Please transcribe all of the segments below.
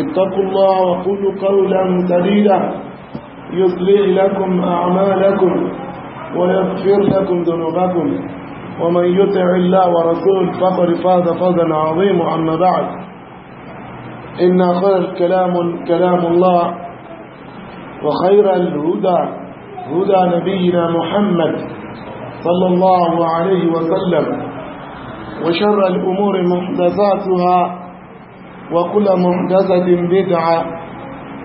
اتقوا الله وقولوا قولا سديدا يصلح لكم أعمالكم ويغفر لكم ذنوبكم ومن يطع الله ورسوله فقد فاز فوزا عظيما أما بعد إن خير كلام كلام الله وخير الهدى هدى نبينا محمد صلى الله عليه وسلم وشر الأمور محدثاتها وكل محدثة بدعة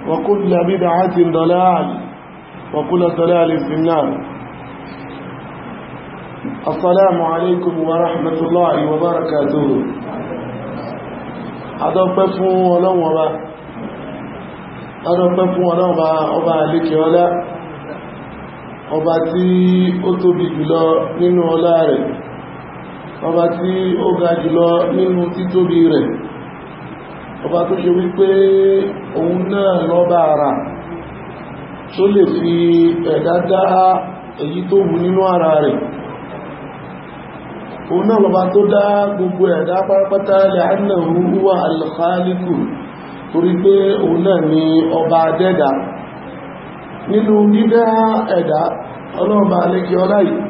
وكل بدعة ضلال وكل ضلال في النار السلام عليكم ورحمة الله وبركاته أدوك ولو وبا أدوك ولو وبا أبا عليك ولا ọba tí ó nínú ọlá o ọba tí ó ga nínú títóbi rẹ̀ ọba tó ṣe wípé òun náà lọ́ba ara tó lè fi ẹ̀dá dá èyí tó wù nínú ara rẹ̀ òun náà lọ́ba tó dá gbogbo ẹ̀dá pátápátá li'annahu huwa al-khaliqu torí pé òun náà ni ọba adẹ́dà nínú dídá ẹ̀dá ọlọ́ọ̀bá alékí ọlá yìí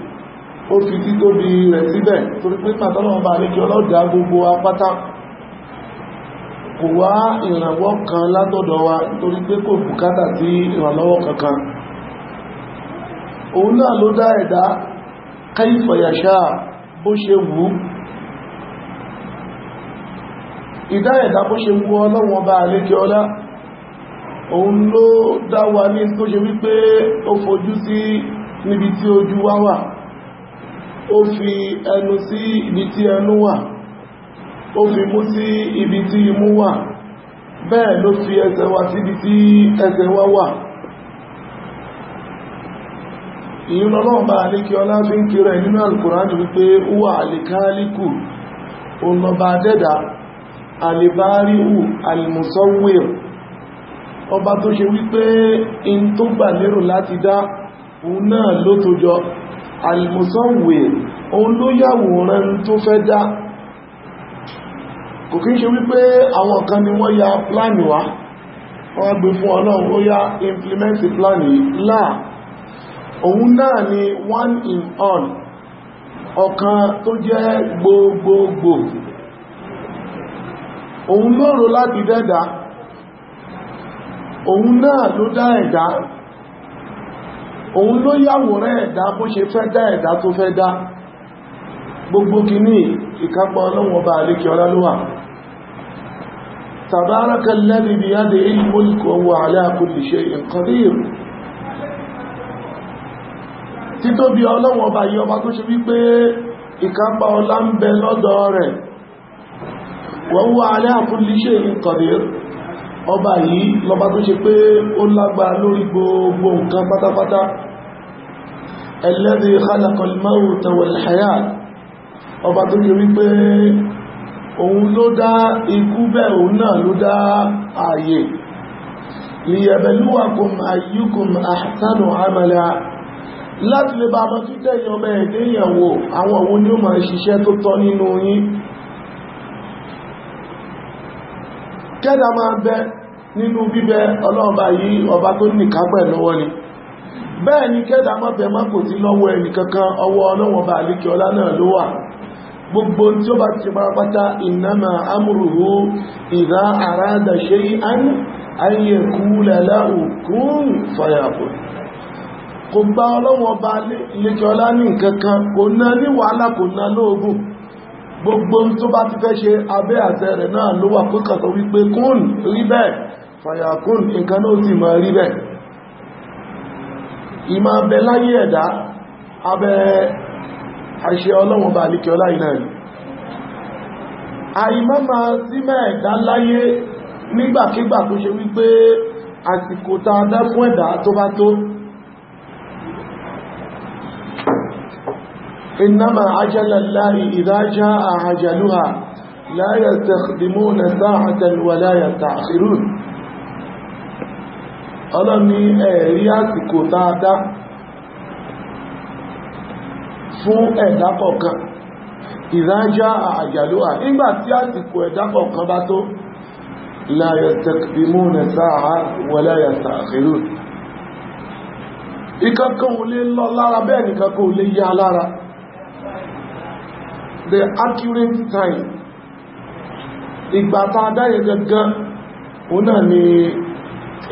ó fi títóbi rẹ̀ síbẹ̀ torí pé pàtàlọ́ọ̀bá alékí ọlọ́dà gbogbo apátá kò wá ìrànwọ́ kan látọ̀dọ̀ wa torí pé kò bùkátà sí ìrànlọ́wọ́ kankan òun náà ló dá ẹ̀dá kaifa yasha bó ṣe wù ìdá ẹ̀dá bó ṣe wù ọlọ́wọ́n bá alékẹ́ ọlá òun ló dá wa ní tó ṣe wípé ó fojú sí níbi tí ojú wá wà ó fi ẹnu sí ibi tí ẹnu wà ó fi mú sí ibi tí imú wà bẹ́ẹ̀ ló fi ẹsẹ̀ wa síbi tí ẹsẹ̀ wa wà ìyún ọlọ́run bá alékí ọlá fi ń kí rẹ̀ nínú alkùránì wípé wà alikáálíkù olọba dẹ́dà alìbáríwù alìmùsọ́wìl ọba tó ṣe wípé in tó gbà lérò láti dá òun náà ló tó jọ alìmùsọ́wìl òun ló yàwòrán tó fẹ́ dá kò kí ń ṣe wípé àwọn kan ni wọ́n ya pláàni wá wọ́n gbé fún ọlọ́run ó yá implement pláàni láà òun náà ni one in all ọ̀kan tó jẹ́ gbogbogbò òun lóòrò láti dẹ́dà òun náà ló dá ẹ̀dá òun ló yàwòrán ẹ̀dá bó ṣe fẹ́ dá ẹ̀dá tó fẹ́ dá, ẹ̀dá gbogbo kìíní ìkápọ̀ ọlọ́wọ́ bá alékẹ́ ọlálúwà tàbárakà lẹ́bí bí á dé ilé mọ́lùkù ọwọ́ aláàkùnlé ṣe ìkọ̀dír títóbi ọlọ́wọ́ bá yí ọba tó ṣe wípé ìkápọ̀ ọlá ń bẹ lọ́dọ̀ yìí lọba tó ṣe pé ó lágbára lórí gbogbo nǹkan pátápátá الذي خلق الموت والحياه ọba tó yẹ wípé òun ló dá ikú bẹ́ẹ̀ òun náà ló dá ààyè liyabluwakum ayyukum ahsanu amala láti lè bá ọmọ títẹ̀ yọ bẹ́ẹ̀ àwọn òun ni ó máa ṣiṣẹ́ tó tọ́ nínú yín kẹ́dà máa bẹ nínú bíbẹ ọlọ́ọ̀bá yìí ọba tó nìkápẹ̀ lọ́wọ́ ni bẹ́ẹ̀ ni kẹ́dà máa bẹ má kò sí lọ́wọ́ ẹnìkankan ọwọ́ ọlọ́wọ́ bá àlíkẹ́ ọlá náà ló wà gbogbo tí ó bá ti parapata ìnáma amúrùhú ìdá àrádà ṣe án ayyẹ̀kú lẹ́láhùkún fàyàkù kò gba ọlọ́wọ́ bá ilékiọlá ní nkankan kò ná ní wàhálà kò ná lóògùn gbogbo tó bá ti fẹ́ ṣe abẹ́ àtẹ rẹ̀ náà ló wà pé kàtọ̀ wípé kún rí bẹ́ẹ̀ fàyàkún nǹkan náà ti mọ̀ rí bẹ́ẹ̀ ìmọ̀ abẹ láyé ẹ̀dá abẹ́ àṣẹ ọlọ́run bá líkẹ́ ọlá iná rí àìmọ́mà sí mẹ́ẹ̀dá láyé nígbàkígbà tó ṣe wípé àsìkò ta dá fún ẹ̀dá tó bá tó innama ajala Allahi idha jaa ajaluha la yastakhdimuna sa'atan ọlọ́ni ẹ̀rí àsìkò ta fún ẹ̀dá kọ̀ọ̀kan ìrájá àjàlúwà nígbà tí àsìkò ẹ̀dá kọ̀ọ̀kan bá tó la yastakbimuna sa'a wa la yasta'khirun ìkankan ò lè lọ lára bẹ́ẹ̀ nìkankan ò lè yá lára the accurate time ìgbà tá a dáyẹ òun náà ni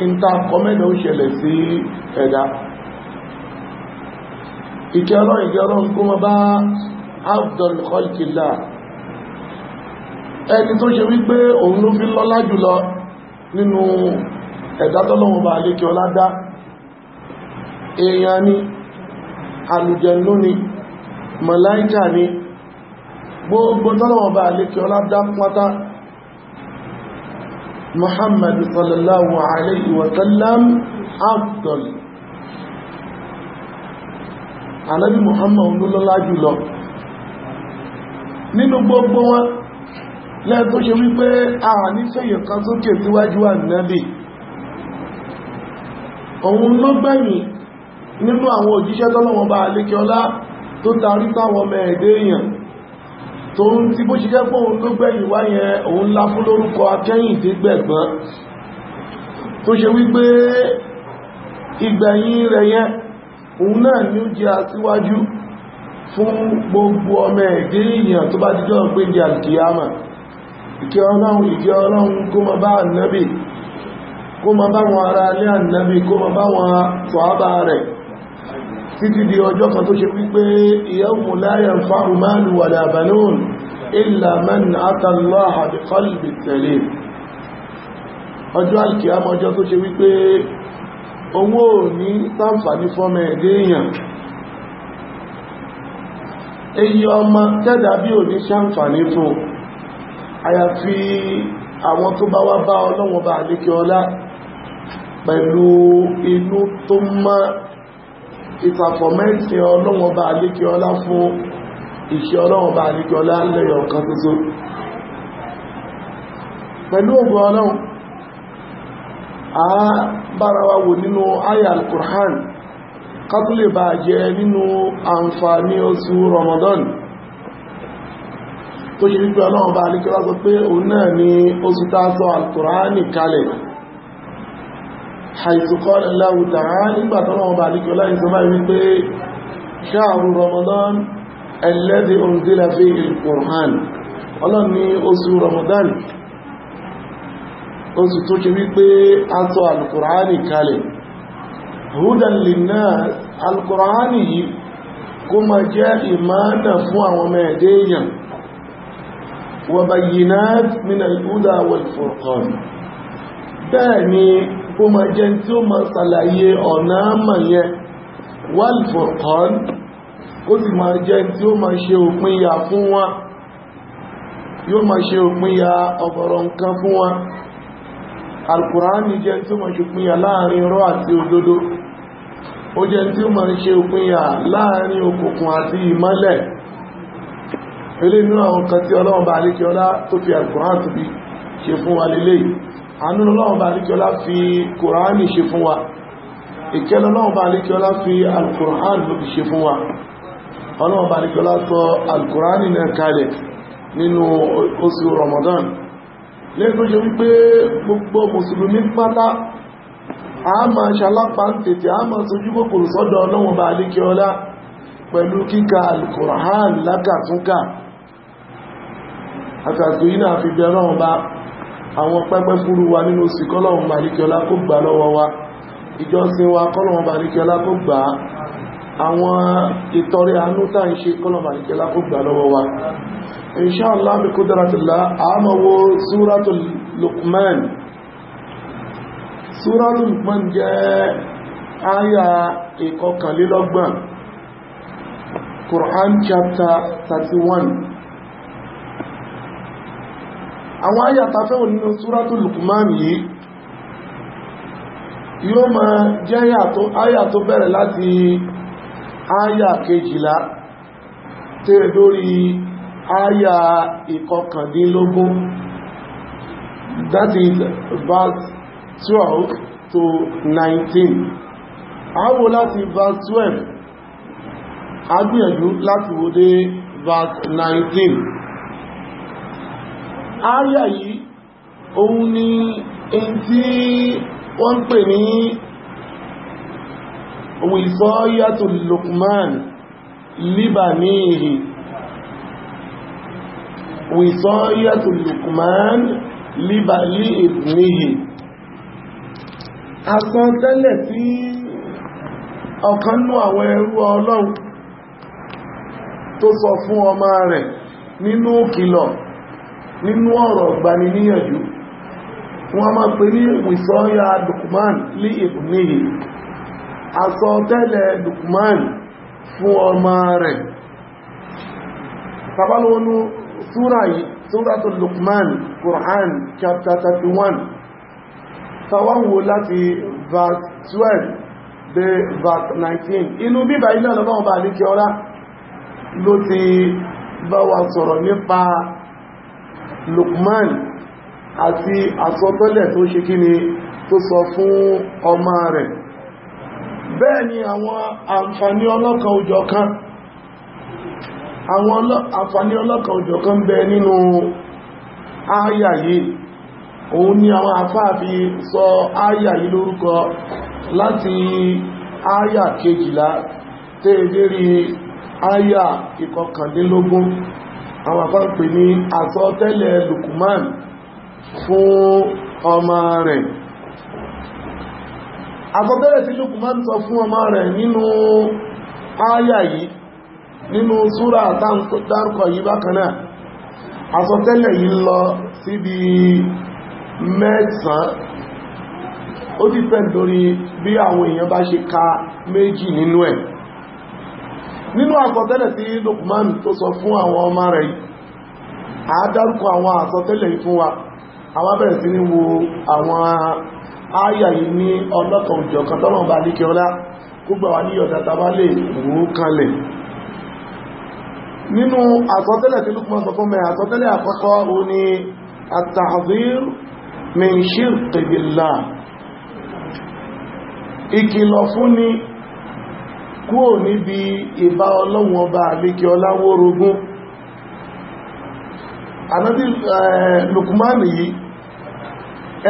ìntàkọ́mẹ́lẹ̀ ó ṣẹlẹ̀ sí ẹ̀dá ìkẹrọ ìkẹrọ ń kó ma bá afdal khalqillah ẹni tó ṣe wípé òun ló fi lọ́lá jùlọ nínú ẹ̀dá tọ́lọ́wọ́ bá lékẹ́ ọládá èèyàn ni àlùjànnú ni màláíkà ni gbogbo tọ́lọ́wọ́ bá lékẹ́ ọládá pátá muhammadu sallallahu alaihi wasallam afdal ànábì Muhammad ló lọ́lá jùlọ nínú gbogbo wọn lẹ́ẹ̀tọ́ ṣe wípé a ní sẹ́yìn kan sókè síwájú ànábì òun ló gbẹ̀yìn nínú àwọn òjíṣẹ́ tọ́lọ́wọ́n bá alékiọlá tó tarí táwọn ọmọ ẹ̀dẹ́ èèyàn tó ń tí bó ṣiṣẹ́ fún òun ló gbẹ̀yìn wáyẹn òun lá fún lórúkọ akẹ́yìn tí òun náà ni ó jẹ́ aṣíwájú fún gbogbo ọmọ ẹ̀dẹ́ èèyàn tó bá díjọ́ pé di alkiyama ìkẹ́ ọlọ́run ìkẹ́ ọlọ́run kó ma bá annabi kó ma bá wọn ara alẹ́ annabi kó ma bá wọn tọ́ábà rẹ̀ títí di ọjọ́ kan tó ṣe wípé yawma alkiyama owó ní sáǹfàní fọ́mọ ẹ̀dẹ́ èèyàn èyí ọmọ tẹ́dà bí ò ní sáǹfàní fún àyàfi àwọn tó bá wá bá ọlọ́wọ́ bá àdíkẹ́ ọlá pẹ̀lú inú tó mọ́ ìtàfọ̀mẹ́sìn ọlọ́wọ́ bá àdíkẹ́ ọlá fún ìṣẹ́ ọlọ́wọ́ bá àdíkẹ́ ọlá lẹ́yọ̀ kan tuntun pẹ̀lú ògùn ọlọ́wọ́ a bára wa wò nínú aya al-Qur'an kátólè bá jẹ nínú àǹfààní oṣù Ramadan tó yìí wípé ọlọ́run bá ní kílá sọ pé òun náà ni oṣù tásọ al-Qur'ani kalẹ̀ haìsùkọ́lẹ̀ láwùtàrá nígbàtọ́lọ́run bá ní ó sì tó ṣe wípé a sọ alkùránì kalẹ̀ hudan linnas alkùránì yìí kó ma jẹ́ ìmánà fún àwọn mẹ́ẹ̀dẹ́ èèyàn wa bayyinat min al-huda wal furqan bẹ́ẹ̀ ni kó ma jẹ́ tí ó ma ṣàlàyé ọ̀nà mọ̀yẹ wal furqan ó sì ma jẹ́ tí ó ma ṣe òpinya alkùránì jẹ́ tí ó mọ̀ ṣe pínyà láàrin irọ́ àti òdodo ó jẹ́ tí ó mọ̀ ṣe pínyà láàrin òkùnkùn àti ìmọ́lẹ̀ ilé inú àwọn kan tí ọlọ́run bá alékiọlá tó fi alkùránì tó fi ṣe fún wa lélẹ̀ àánú ọlọ́run bá alékiọlá fi kùránì ṣe fún wa ìkẹ́lẹ̀ ọlọ́run bá Ramadan lẹ́yìn tó ṣe wípé gbogbo mùsùlùmí pátá a máa ṣalápa ń tètè a máa sojú kòkòrò sọ́dọ̀ ọlọ́wọ̀n bá alékẹ́ ọlá pẹ̀lú kíkà alkùnrán lákàtúnkà àkàtò iná fi bẹ̀rọ̀n bá àwọn pẹ́pẹ́ fúrú wa nínú sí kọ́lọ̀wọ̀n bá alékẹ́ ọlá kó gbà lọ́wọ́ wa ìtọrẹ àánú tá ń ṣe kọ́lọ̀wọ̀n bá kó gbà lọ́wọ́ wa إن شاء الله بقدرة الله عامه سورة لقمان سورة لقمان جاء آية إقوكا للقمان Quran chapter 31 àwọn àyàtà fẹ́wọ̀n nínú súrátù Luqman yìí yóò ma jẹ́ àyà tó bẹ̀rẹ̀ láti àyà kejìlá tẹ́rẹ lórí àyà ìkọkàndínlógún that is verse 12 to 19 àwọ̀ láti verse 12 agbìyànjú láti wò dé verse 19 Aya yìí òun ni èyí tí wọ́n ń pè ní wìsọ́yàtò Luqman líbà ní ìhìn wìsọ́yẹ́tù Lukman líbàlí ìbìnihì asán tẹ́lẹ̀ tí ọ̀kanú awọ ẹrú ọlọ́run tó sọ fún ọmọ rẹ nínú òkìlọ̀ nínú ọ̀rọ̀ gbani níyànjú wọ́n máa pè ní wìsọ́yà li lí ìbìnihì asọ tẹ́lẹ̀ Lukman fún ọmọ rẹ. súra yìí Suratul Lukman Quran chapter 31 tàwáwò láti verse 12 de verse 19 inú bíbà ilẹ̀ ọlọ́wọ́n bá ní kí ọlá ló ti bá wa sọ̀rọ̀ nípa Luqman àti àsọtọ́lẹ̀ tó ṣe kí ni tó sọ fún ọmọ rẹ̀ bẹ́ẹ̀ ni àwọn àǹfààní ọlọ́kan òjọ̀kan àwọn afani ọlọ́kan òjò kan bẹ nínú áyà yìí òun ni àwọn àfáàfi sọ áyà yìí lórúkọ láti kejìlá tẹ́ẹ̀dẹ́rí áyà ìkọkàndínlógún àwọn àfáà ní àsọtẹ́lẹ̀ Lukman fún ọmọ fún ọmọ rẹ̀ nínú súra dárúkọ yìí bákanáà àsọtẹ́lẹ̀ yìí lọ síbi mẹ́sàn ó ti pẹ́ lórí bí àwọn èèyàn bá ṣe ka méjì nínú ẹ̀ nínú àsọtẹ́lẹ̀ tí Lukman tó sọ fún àwọn ọmọ rẹ̀ àádárúkọ àwọn àsọtẹ́lẹ̀ yìí fún wa àwọn abẹ́rẹ̀ sí ní wo àwọn ááyà yìí ní ọlọ́kan òjọ̀kan tọ́lọ̀ bá líkẹ́ ọlá gbogbo àwọn níyọ̀dá tàbá lè wó kalẹ̀ nínú àtọ́tẹ́lẹ̀ tí Lukman sọ fún mẹ́ àtọ́tẹ́lẹ̀ àkọ́kọ́ o ni at-tahdhir min shirki billah ìkìlọ̀ fún ni kúò níbi ìbá ọlọ́run ọba àlékẹ́ ọláwó rogún ànábí Lukmani yìí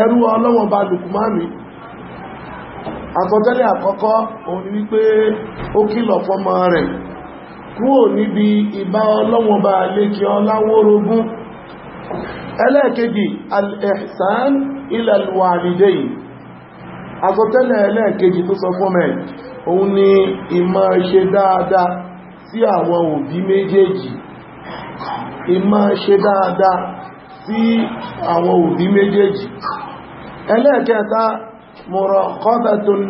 ẹrú ọlọ́run ọba Lukmani àtọ́tẹ́lẹ̀ àkọ́kọ́ o ni wípé ó kìlọ̀ fọ́mọ rẹ̀ kúrò níbi ìbá ọlọ́wọ́n bá lékí ọláwórógún ẹlẹ́ẹ̀kejì al-ihsan ila al-walidayn àsọtẹ́lẹ̀ ẹlẹ́ẹ̀kejì tó sọ fún mẹ́ òun ni ìmọ̀ ṣe dáadáa sí àwọn òbí méjèèjì ìmọ̀ ṣe dáadáa sí àwọn òbí méjèèjì ẹlẹ́ẹ̀kẹta muraqabatun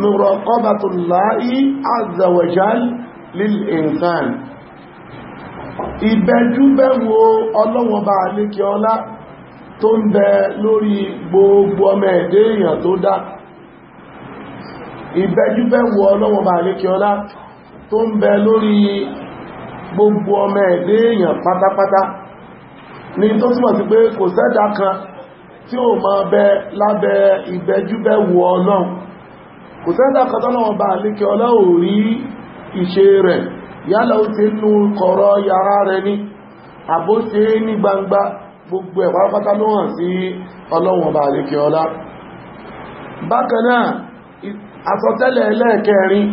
muraqabatullahi lil-insan ìbẹ̀júbẹ̀wò ọlọ́wọ́ bá ọlá tó ń gbogbo ọmọ ẹ̀dẹ́ èèyàn tó dá ìbẹ̀júbẹ̀wò ọlọwọba bá ọlá tó ń gbogbo ọmọ ẹ̀dẹ́ èèyàn pátápátá ni tó túnmọ̀ sí pé kò sẹ́dá kan tí ó máa bẹ lábẹ́ ìbẹ̀júbẹ̀wò ọlọ́run kan ìṣe rẹ̀ yálà ó ti nú kọ̀rọ̀ yàrá rẹ̀ ní àbó ṣe ní gbangba gbogbo ẹ̀ pátápátá ló hàn sí ọlọ́wọ̀n bá àríkẹ́ ọlá bákan náà àsọtẹ́lẹ̀ ẹlẹ́ẹ̀kẹrin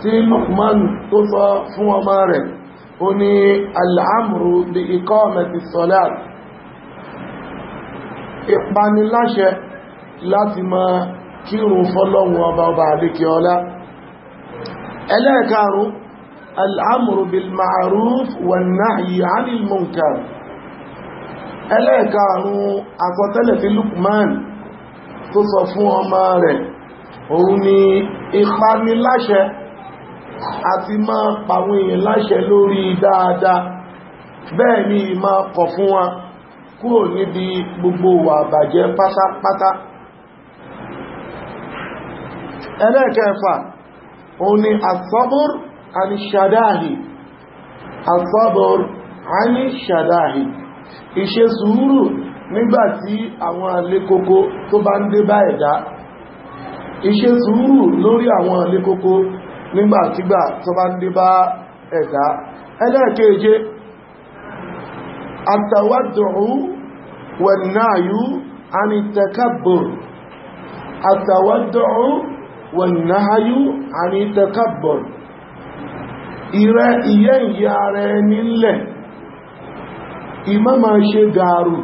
tí Luqman tó sọ fún ọmọ rẹ̀ ó ní al'amru bí ikọ́ mẹ́ti sọ́lá ìpaniláṣẹ láti máa kírun fọ́lọ́wọ̀n ọba ọba àríkẹ́ ọlá ẹlẹ́ẹ̀kárùn al'amuru bil ma'aruf wan nahyi 'anil munkar ẹlẹ́ẹ̀kárùn àkọtẹ́lẹ̀ tí Lukman tó sọ fún ọmọ rẹ̀ òun ni ati àti máa pàwọn èèyàn láṣẹ lórí dáadáa bẹ́ẹ̀ ni ma kọ̀ fún wa kúrò níbi gbogbo wà bàjẹ́ pátápátá ẹlẹ́ẹ̀kẹfà òun ni asabur àni ṣàdáhì asabur àni ṣàdáhì ìṣe sùúrù nígbàtí àwọn àlékókó tó bá ń dé bá ẹ̀dá ìṣe sùúrù lórí àwọn àlékókó nígbàtígbà tó bá ń dé bá ẹ̀dá ẹlẹ́ẹ̀keje àtàwádùrú والنهي عن التكبر إرى إيان يارين الله إما ما شيء دارو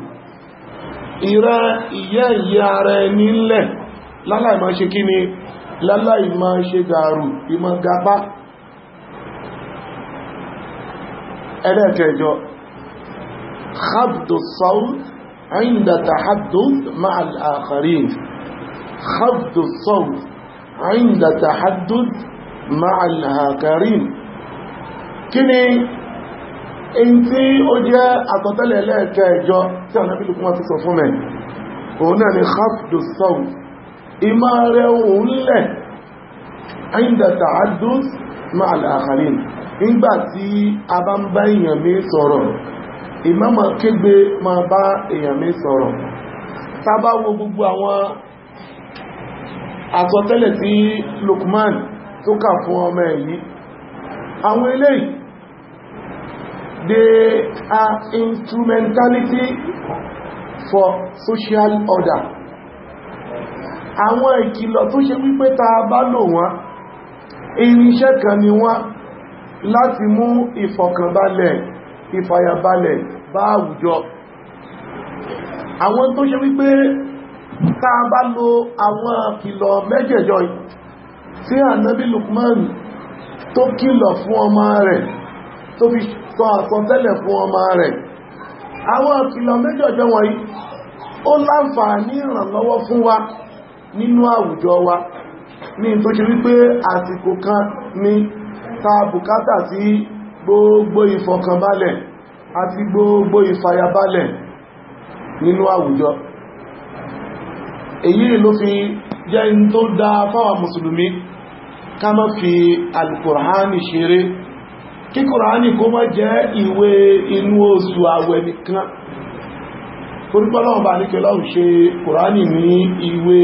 إرى إيان يارين الله لا لا ما شيء كيني لا لا إما شيء دارو إما غابا أنا تجو خفض الصوت عند تحدث مع الآخرين خفض الصوت عند تحدد مع الهاكرين kí ni èyí tí ó jẹ́ àkọtẹ́lẹ̀ lẹ́ẹ̀kẹ́ ìjọ tí àwọn ẹbí lùkún wá ti sọ fún mẹ́ òun náà ni khafdu sawt ìmá rẹ̀ òun lẹ̀ عند تعدد مع الآخرين nígbà tí a bá ń bá èèyàn mi sọ̀rọ̀ ìmá ma kégbe ma bá èèyàn mi sọ̀rọ̀ tá bá wo gbogbo àwọn àsọtẹ́lẹ̀ tí Lukman tó kà fún ọmọ èyí àwọn eléyìí they are instrumentality for social order àwọn ìkìlọ̀ tó ṣe wípé ta bá lò wọ́n irinṣẹ́ kan ni wọ́n láti mú ìfọ̀kànbalẹ̀ ìfàyàbalẹ̀ bá àwùjọ àwọn tó ṣe wípé tá bá lo àwọn kìlọ̀ mẹ́jẹ̀jọ tí ànábì Lukman tó kìlọ̀ fún ọmọ rẹ̀ tó fi sọ àsọtẹ́lẹ̀ fún ọmọ rẹ̀ àwọn kìlọ̀ mẹ́jẹ̀jọ wọ̀nyí ó láǹfààní ìrànlọ́wọ́ fún wa nínú àwùjọ wa ní tó ṣe wípé àsìkò kan ní ta bùkátà sí gbogbo ìfọ̀kànbalẹ̀ àti gbogbo ìfàyàbalẹ̀ nínú àwùjọ èyí ló fi jẹ́ in tó dá fáwà musulmi ká má fi alkùránì ṣeré kí kùránì kó má jẹ́ ìwé inú oṣù àwẹ̀ nìkan torípọ́lọ́wọ́ bá ní kẹlọ́wù ṣe kùránì ní ìwé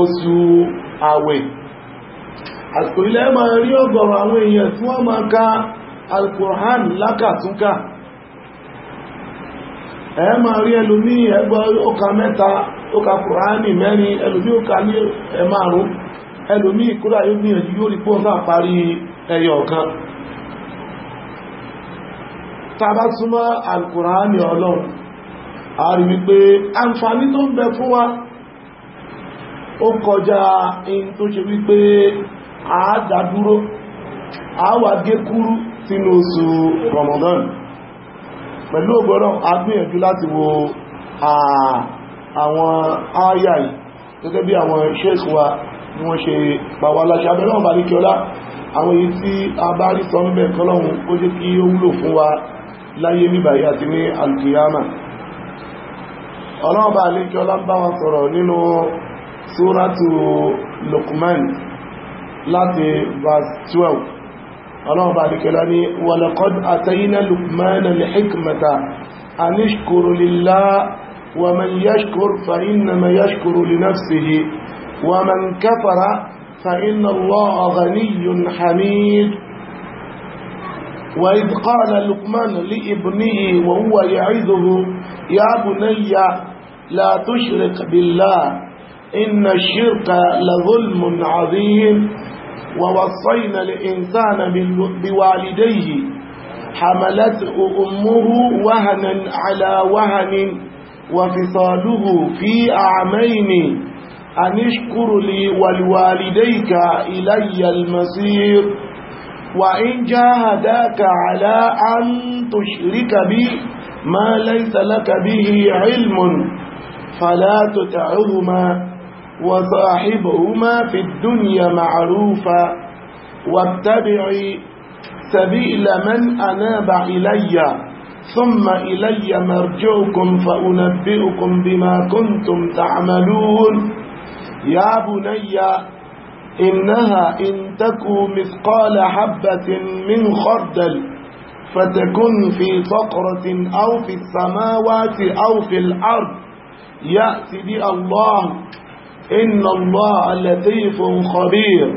oṣù àwẹ̀ àsìkò ma rí àwọn èèyàn tí wọ́n ma alkùránì lákàtúnkà ẹ ma rí ẹlùmí ẹgbọ́ ó ka kùránì mẹ́rin ẹlòmí ó ní ẹ̀márùn ẹlòmí ìkúrà yóò gbìyànjú yóò rí pọ́ náà parí ẹyọ kan tàbá súnmọ́ alkùránì ọlọ́run a rí wípé àǹfààní tó ń bẹ fún wa ó kọjá in tó ṣe wípé àádádúró àwà gékúrú sínú oṣù Ramadan pẹ̀lú agbìyànjú láti wo àà àwọn ááyà yìí gẹ́gẹ́ bí àwọn sheikh wa ni wọ́n ṣe pàwà láti abẹ́lọ́wọ̀n bá ní kí àwọn èyí tí a bá rí sọ níbẹ̀ kọlọ́run ó jẹ́ kí ó wúlò fún wa láyé níbàyí àti ní alkiyama ọlọ́run bá ní kí ọlá ń bá wọn sọ̀rọ̀ nínú suratu Luqman láti verse 12 ọlọ́run bá ní ومن يشكر فإنما يشكر لنفسه ومن كفر فإن الله غني حميد وإذ قال لقمان لابنه وهو يعظه يا بني لا تشرك بالله إن الشرك لظلم عظيم ووصينا الإنسان بوالديه حملته أمه وهنا على وهن وفصاله في أعمين أن اشكر لي ولوالديك إلي المصير وإن جاهداك على أن تشرك بي ما ليس لك به علم فلا تتعهما وصاحبهما في الدنيا معروفا واتبع سبيل من أناب إليّ ثم إلي مرجعكم فأنبئكم بما كنتم تعملون يا بني إنها إن تكو مثقال حبة من خردل فتكن في صقرة أو في السماوات أو في الأرض يأتي بها الله إن الله لطيف خبير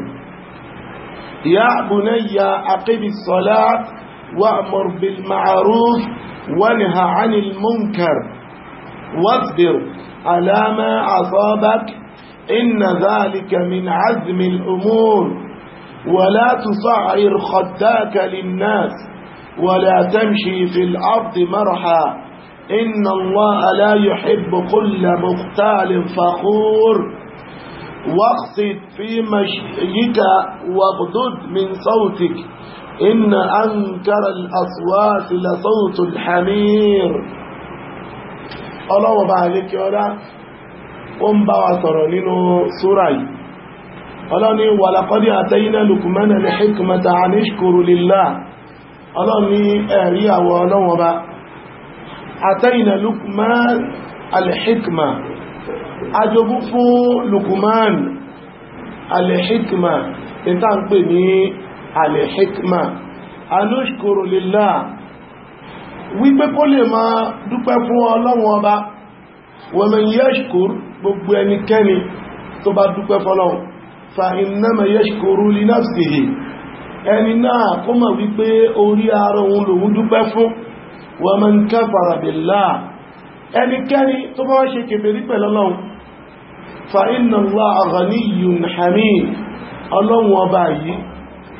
يا بني أقم الصلاة وأمر بالمعروف وانهى عن المنكر واصبر على ما أصابك إن ذلك من عزم الأمور ولا تصعر خداك للناس ولا تمشي في الأرض مرحا إن الله لا يحب كل مختال فخور واقصد في مشيك واغدد من صوتك إن أنكر الأصوات لصوت الحمير الله بارك يا قم بوطر لنو سوري الله ولقد أتينا لكمان لحكمة عن اشكر لله الله ني أهريا ونوبا أتينا لكمان الحكمة أجبوا لكمان الحكمة انتان بني alìhíkmà anúṣkòrò lílá wípé kó lè máa dúpẹ́ fún ọlọ́run ọba wa man yashkur gbogbo ẹnikẹ́ni tó bá dúpẹ́ fọ́lọ́run fa innama yashkuru li nafsihi ẹni náà kó mọ̀ wípé orí ara òun lòun dúpẹ́ fún wa man kafara billah ẹnikẹ́ni tó bá ọlọ́run ọba yìí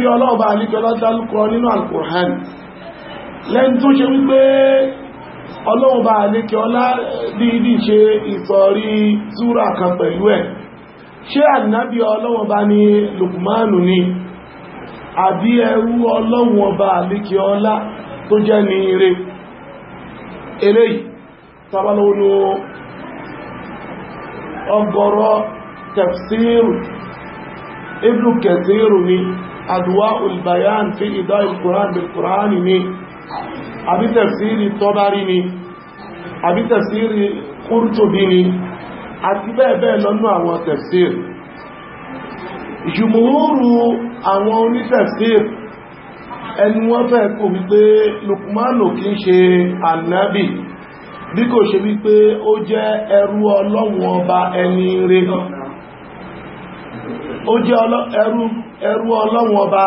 tí ọlọ́ọ̀bá alíkọlọ́ dálúkọ nínú alkùrán lẹ́n tó ṣe wípé ọlọ́ọ̀bá alíkọlá dìídì ṣe ìsọ̀rí súra kan pẹ̀lú ẹ̀ ṣe àdínábí ọlọ́ọ̀bá ni Lukmanu ni àbí ẹrú ọlọ́ọ̀bá أدواء البيان في إضاء القرآن بالقرآن ني أبي تفسير الطبري ني أبي تفسير قرطبي ني àti bẹ́ẹ̀ bẹ́ẹ̀ lọ́nà àwọn tafsir jùmúhúrù àwọn onítafsir ẹnu wọ́n fẹ́ kò wípé Lukmanu kì í ṣe ànábì bí kò ṣe wípé ó jẹ́ ẹrú Ọlọ́run ọba ẹni rẹ̀ ó jẹ́ ẹrú ọlọ́run ọba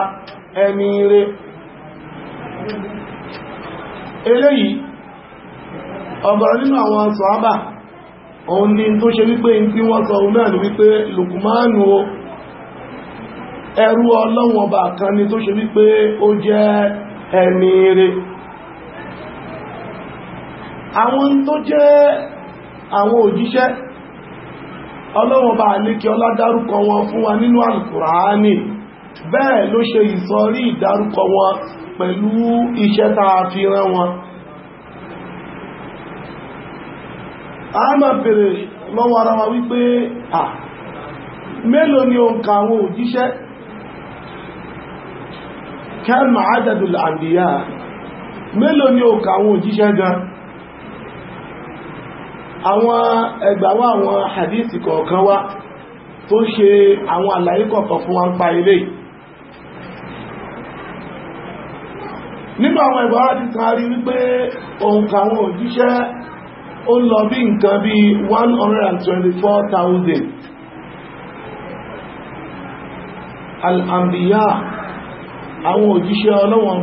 ẹni rẹ̀ eléyìí ọ̀gọ̀rọ̀ nínú àwọn àbà òun ni tó ṣe wípé tí wọ́n sọ ohun náà wípé Lukmanu ẹrú ọlọ́run ọba kan ni tó ṣe wípé ó jẹ́ ẹni rẹ̀ àwọn tó jẹ́ àwọn ọlọ́wọ́n bá alékẹ́ ọlá dárúkọ wọn fún wa nínú alkùránì bẹ́ẹ̀ ló ṣe ìsọrí ìdárúkọ wọn pẹ̀lú iṣẹ́ tàà fi rán wọn a ma bèèrè lọ́wọ́ ara wa wípé à mélòó ni òǹkà àwọn òjíṣẹ́ kẹ́mà àdàdùl àdìyà mélòó ni òǹkà àwọn òjíṣẹ́ gan-an àwọn ẹgbàwà àwọn hadisi kọ̀ọ̀kan wá tó ṣe àwọn àlàyé kọ̀ọ̀kan fún wa ń pa ilé nínú àwọn ẹgbàwà ti tàn rí wípé òǹkà àwọn òjíṣẹ́ ó lọ bí nǹkan bí 124,000 al ambiya àwọn òjíṣẹ́ ọlọ́wọ̀n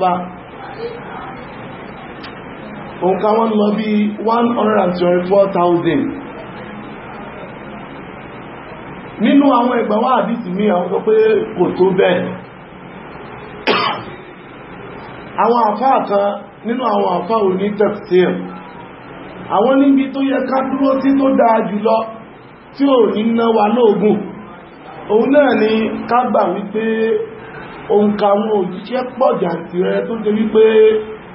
òǹkà wọn lọ bí 124,000 nínú àwọn ẹgbàwà àdìsí mi àwọn sọ kò tó bẹ́ẹ̀ àwọn àfáà kan nínú àwọn àfáà òní tẹ̀fẹ̀ àwọn níbi tó yẹ ká dúró tí tó dáa jùlọ tí ò ní ná wa lóògùn òun náà ni ká gbà wípé òǹkà àwọn òjíṣẹ́ pọ̀ jàǹtìrẹ tó jẹ́ wípé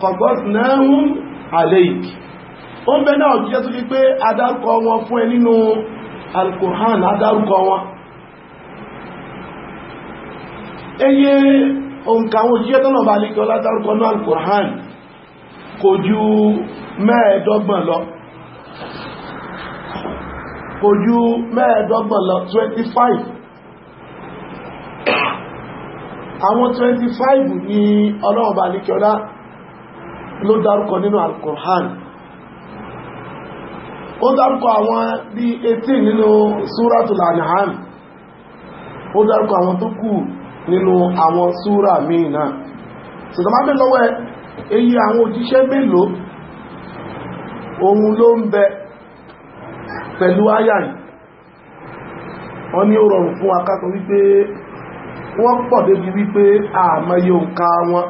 kọ̀gọ́sìnáhùn àlèìkì ó ń bẹ náà jíjẹ́ tó fi pé adárúkọ wọn fún ẹ nínú alkohan adárúkọ wọn eye òǹkà àwọn òjíṣẹ́ tọ́nà bá lè kọ́ látàrúkọ náà alkohan kò ju mẹ́ẹ̀ẹ́dọ́gbọ̀n lọ kò ju mẹ́ẹ̀ẹ́dọ́gbọ̀n lọ 25 àwọn 25 ni ọlọ́run lè kọ́ látàrúkọ ló dárúkọ nínú al-Qur'an ó dárúkọ àwọn bí etí nínú Suratul An'am ó dárúkọ àwọn tó kù nínú àwọn súra míì náà ṣùgbọ́n lọ́wọ́ èyí àwọn òjíṣẹ́ mélòó ohun ló ń bẹ pẹ̀lú àyà fún akákan wípé wọ́n pọ̀ débi wípé wọn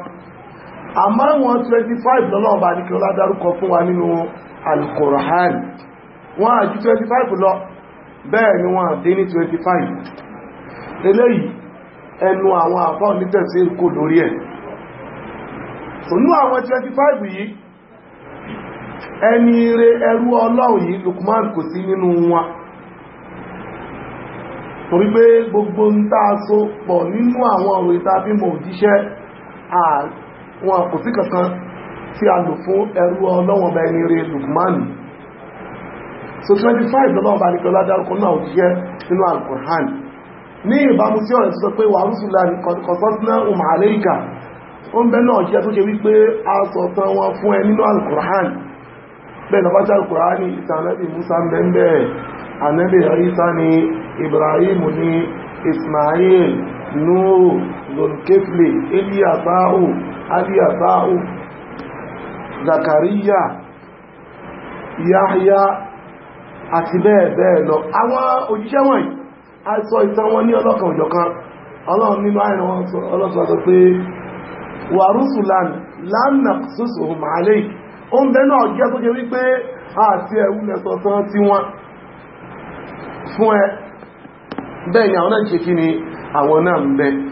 àmọ́ wọn 25 lọ́lọ́ ọba ní kí ọlá dárúkọ fún wa nínú alkùrán wọ́n àjú 25 lọ bẹ́ẹ̀ ni wọ́n àdé ní 25 eléyìí ẹnu àwọn àfá onítẹ̀sí kò lórí ẹ̀ ònú àwọn 25 yìí ẹni ere ẹrú ọlọ́run yìí Lukman kò sí nínú nwa torí pé gbogbo ń tàà so pọ̀ nínú àwọn òwe tàbí mọ̀ òjíṣẹ́ wọn kò sí kankan tí a lò fún ẹrú ọlọ́wọ̀n bá ẹni rí Lukman so 25 lọ́wọ́ bá nìkan ládárúkọ náà jẹ́ nínú Al-Qur'an ní ìbámu sí ọ̀rẹ́ sọ pé wàhúsùlá kọ̀sọ́sílẹ̀ umarika ó ń bẹ náà jẹ́ tó ṣe wípé a sọ̀tọ̀ Al-Qur'an bẹ́ẹ̀ lọ́pàá Al-Qur'an ní ìtànẹ́bì Musa mẹ́mẹ́ anẹ́bì Isa ni Ismail Nuh zulkifli iliyasa'u aliyasa'u zakariya yahya àti bẹ́ẹ̀ bẹ́ẹ̀ lọ àwọn òjíṣẹ́ wọ̀nyí a sọ ìtàn wọn ní ọlọ́kan òjọ̀kan ọlọ́run nínú àìrìn wọn ọlọ́sọ̀ọ́sọ pé wà rúsùlán lánà sọ́sọ̀ màálẹ̀ o ń bẹ́nà tó jẹ́ wípé àti ẹ̀wùlẹ̀ sọ̀tán tí wọ́n fún ẹ ni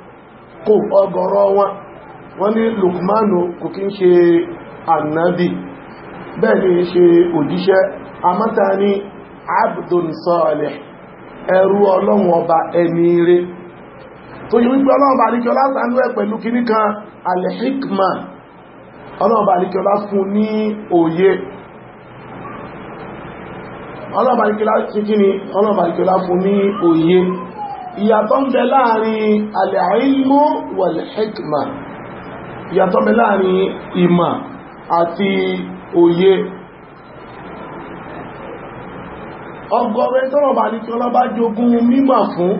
kò ọgọ̀rọ̀ wọn wọ́n ní Lukmanu kò kí ń ṣe annabi bẹ́ẹ̀ ni ṣe òjíṣẹ́ amọ́ta ní abdul salih ẹrú ọlọ́run ọba ẹni rẹ̀ tó yí wípé ọlọ́run bá kan fun ni fún ìyàtọ̀ ń bẹ láàrin al-ilmu wal-hikma ìyàtọ̀ ń bẹ láàrin ìmọ̀ àti òye ọgọ́rẹ́ tọ́rọ̀ bá ní kí ọlọ́bá jogún mímọ̀ fún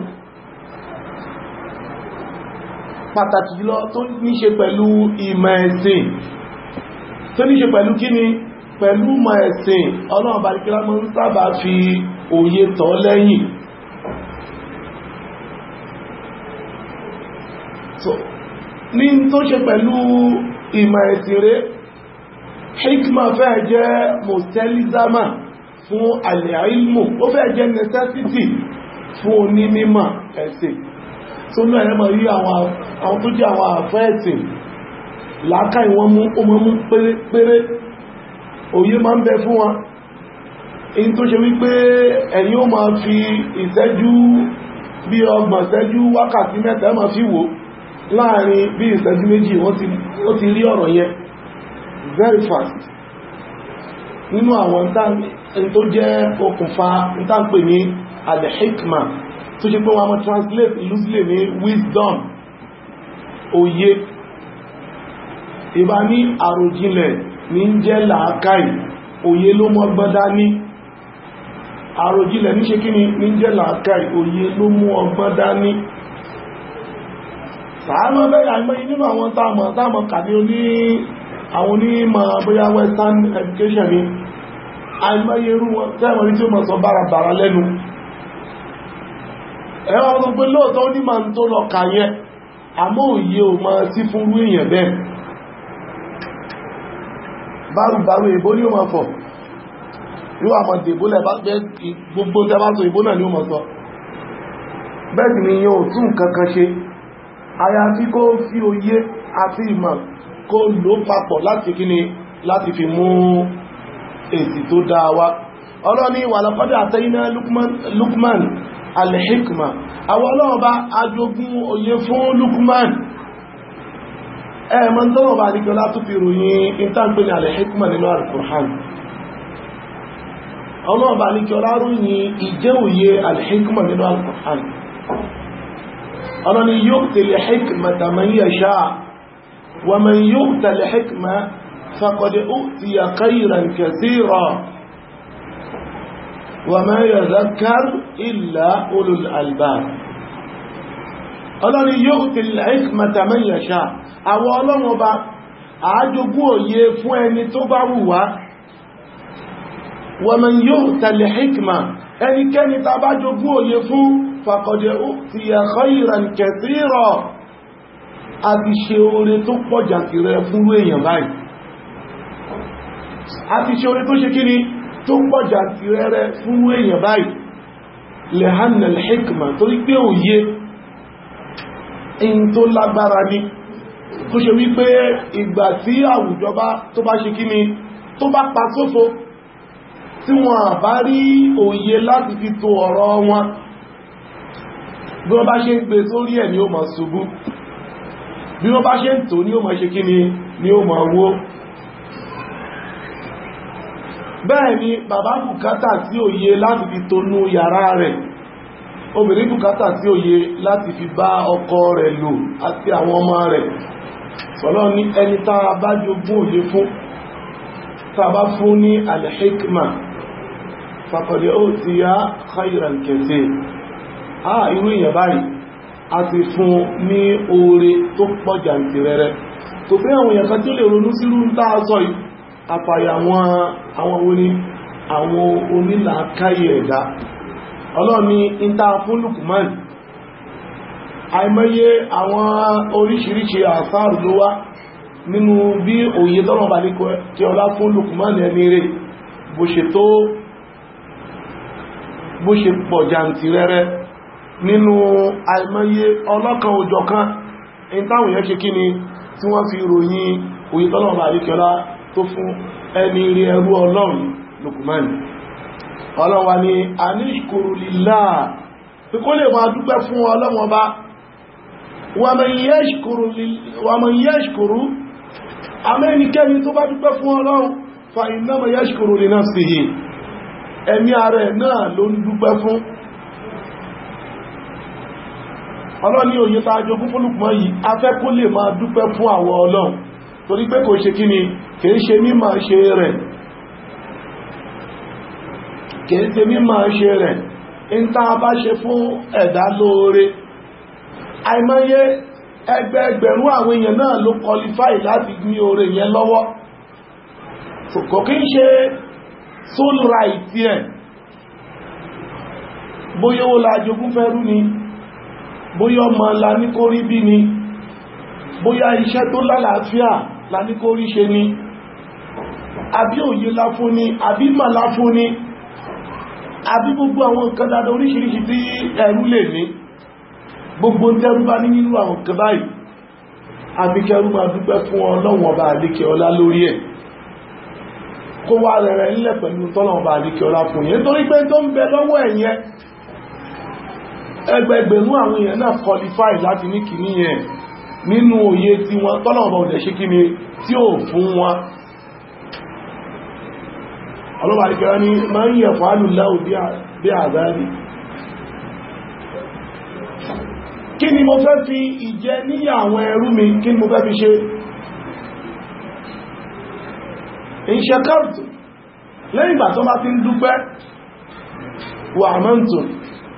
pàtàkì jùlọ tó níṣe pẹ̀lú ìmọ̀ ẹ̀sìn tó níṣe pẹ̀lú kíni pẹ̀lú ìmọ̀ ẹ̀sìn ọlọ́ọ̀bá ní sábà fi òye tọ́ lẹ́yìn ní tó ṣe pẹ̀lú ìmọ̀ ìsìnrẹ́ hikma fẹ́ jẹ́ mọ̀tẹ́lìzámà fún alẹ́ilmù ó fẹ́ jẹ́ necessity fún onímímọ̀ ẹ̀sìn tó ní ẹ̀rẹ́mọ̀ rí àwọn tó jẹ́ àwọn àfẹ́ ẹ̀sìn láàká ìwọ́n mú ọmọ mú pérépéré òye máa ń bẹ fún wa in tó ṣe wípé ẹ̀yin ó máa fi ìṣẹ́jú bí ọgbọ̀n ìṣẹ́jú wákàtí mẹ́ta máa fi wò láàrin bí ìṣẹ́jú méjì wọ́n ti rí ọ̀rọ̀ yẹn very fast nínú àwọn tó jẹ́ okùnfà ìtànpè ní al-hikma tó ṣe pé wọ́n mọ́ translate loosely ní wisdom òye ìbá ní àròjinlẹ̀ ní jẹ́ làákàì òye ló mọ́ gbọ́dá ní àròjinlẹ̀ ní ṣe kí ni ní jẹ́ làákàì òye ló mú ọgbọ́n dání sàárùn bẹ́ẹ̀ àìmọ́yí nínú àwọn táàmọ̀ táàmọ̀ kàbí ní àwọn onímọ̀ bóyá western education ni àìmọ́yí irú wọn tẹ́mọ̀ rí tí ó mọ̀ sọ bárabàrá lẹ́nu ẹwà ọdún pé lóòtọ́ onímọ̀ tó lọ kàyẹ àmọ́ òye ò mọ̀ sí fún rú èèyàn bẹ́ẹ̀ bárùbárù ìbò ní ó mọ̀ fọ̀ bẹ́ẹ̀ ni yóò tún kankan ṣe àyàfi kó fi òye àti ìmọ̀ kó lò papọ̀ láti kíni láti fi mú èsì tó dáa wá ọlọ́ni wà lọ́kọ́dá àtẹ́yìnà Lukman al àwọn ọlọ́ọ̀bá ajogún òye fún Lukman ẹ̀mọ́ tọ́lọ̀bá àdíkọlá tó fi ròyìn ìtàǹpẹ̀ ní al nínú al-Qur'an ọlọ́ọ̀bá àdíkọlá ròyìn ìjẹ́ òye al nínú al ọlọ́ni yóòtìlì hikmata man yasha wa man yóòtìlì hikma faqad utiya khayran kathira wa ma yadhakkar illa ulul albab ọlọ́ni yóòtìlì hikmata man yasha àwọn ọlọ́run ọba àájogún òye fún ẹni tó bá wù wá wa man yóòtìlì hikma ẹnikẹ́ni tàbájogún òye fún fàkọ̀dẹ̀ òfìyà khayran kathira àti ṣe oore tó pọ̀ jàkìrẹ fún èèyàn báyìí àti ṣe oore tó ṣe kíni tó pọ̀ jàkìrẹ fún èèyàn báyìí lẹ́hànà hikma tó rí tó ṣe wípé ìgbà tó bá ṣe kíni tó tí wọn àbá rí òye láti fi tó ọ̀rọ̀ wọn bí wọ́n bá ṣe ń gbé sórí ẹ̀ ni ó máa ṣubú bí wọ́n bá ṣe ń tò ní ó máa ṣe kí ni ni ó máa wó bẹ́ẹ̀ ni bàbá bùkátà sí òye láti fi tonú yàrá rẹ̀ obìnrin bùkátà sí òye láti fi bá ọkọ rẹ̀ lò àti àwọn ọmọ rẹ̀ sọ́lọ́ ní ẹni táa bá jogún òye fún táa bá fún ní alhikma fàkọ̀dẹ̀ ó ti yá khairan kẹsẹ̀ a irú èèyàn báyìí a ti fún ní oore tó pọ̀ jàǹtìrẹrẹ tó fẹ́ àwọn èèyàn kan tí ó lè ronú sírú ń tá a sọ yìí àpàyà àwọn àwọn wo fún Lukman àìmọye àwọn oríṣiríṣi àfáàrù ló wá nínú bí òye tọ́rọ bá ọlá fún Lukman ẹni rẹ̀ bó ṣe nínú àìmọye ọlọ́kan òjọ̀kan in táwọn èèyàn ṣe kí ni tí wọ́n fi ròyìn òyìn tọ́lọ̀bà àríkẹ́lá tó fún ẹni rí ẹrú ọlọ́run Lukumani ọlọ́wà ni a ní ìkòròlìlá pí kó lè fa iná mọ̀ yẹ́ ṣkòrò lè náà sí ẹ̀mí ara náà ló ń dúpẹ́ fún ọlọ́run ní òye tá a jogún yìí afẹ́ kó lè máa dúpẹ́ fún àwọn ọlọ́run torí pé kò ṣe kí ni kìí ṣe mímọ̀ ṣe rẹ̀ kìí ṣe mímọ̀ ṣe rẹ̀ ń tá a bá ṣe fún ẹ̀dá lóore àìmọye ẹgbẹẹgbẹ̀rún àwọn èèyàn náà ló qualify láti ní oore yẹn lọ́wọ́ kò kí ń ṣe soul right yẹn bóyówó la jogún fẹ́rú ni bóyá ọmọ la ní kó rí bí ni bóyá iṣẹ́ tó lálàáfíà la ní kó rí ṣe ni àbí òye láfún ni àbí mà láfún ni àbí gbogbo àwọn nǹkan dáadáa oríṣiríṣi tí ẹrú lè ní gbogbo tẹ́rú bá ní nínú àwọn nǹkan báyìí àbíkẹ́rú máa dúpẹ́ fún ọlọ́run ọba àdíkẹ́ ọlá lórí ẹ̀ kó wá rẹ̀rẹ̀ nílẹ̀ pẹ̀lú tọ́lọ́run ọba àdíkẹ́ ọlá fún yẹn nítorí pé tó ń bẹ lọ́wọ́ ẹ̀yẹn ẹgbẹgbẹ̀rún àwọn èèyàn náà qualify láti ní kìíní yẹn nínú òye tí wọ́n tọ́lọ̀bọ̀ òdẹ̀ ṣe kí ni tí ó fún wọn ọlọ́bàá ìkẹrẹ ni ma ń yẹ fàálù láò bí àzáàrí kí ni mo fẹ́ fi ìjẹ níyà àwọn ẹrú mi kí ni mo fẹ́ fi ṣe ìṣẹ́kàrùtù lẹ́yìn ìgbà tó bá ti ń dúpẹ́ wà mọ́ntùn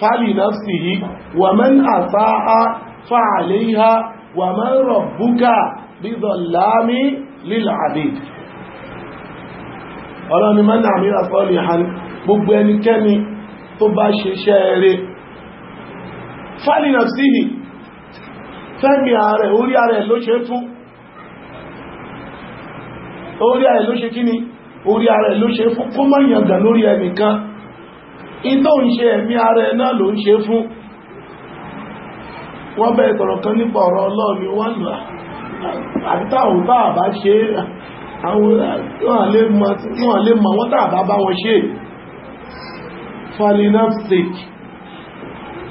فلنفسه ومن أطاع فعليها ومن ربك بظلام للعبيد ọlọ́ni mọ́nà àmìrà sọ́lì hàn gbogbo ẹnikẹ́ni tó bá ṣiṣẹ́ rẹ̀ fàlìnàfsíhì fẹ́mi ààrẹ orí ààrẹ ló ṣe fún orí ààrẹ ló ṣe kíni orí ààrẹ ló ṣe fún kó mọ́ yàngà lórí ẹnìkan ìtò ń ṣe ẹ̀mí ara ẹ̀ náà ló ń ṣe fún wọ́n bẹ́ ìtọ̀rọ̀ kan nípa ọ̀rọ̀ ọlọ́ọ̀ni wọ́n là àbítà òun bá àbá ṣe àwọn lè mọ̀ wọ́n tàbá bá wọn ṣe falinapsic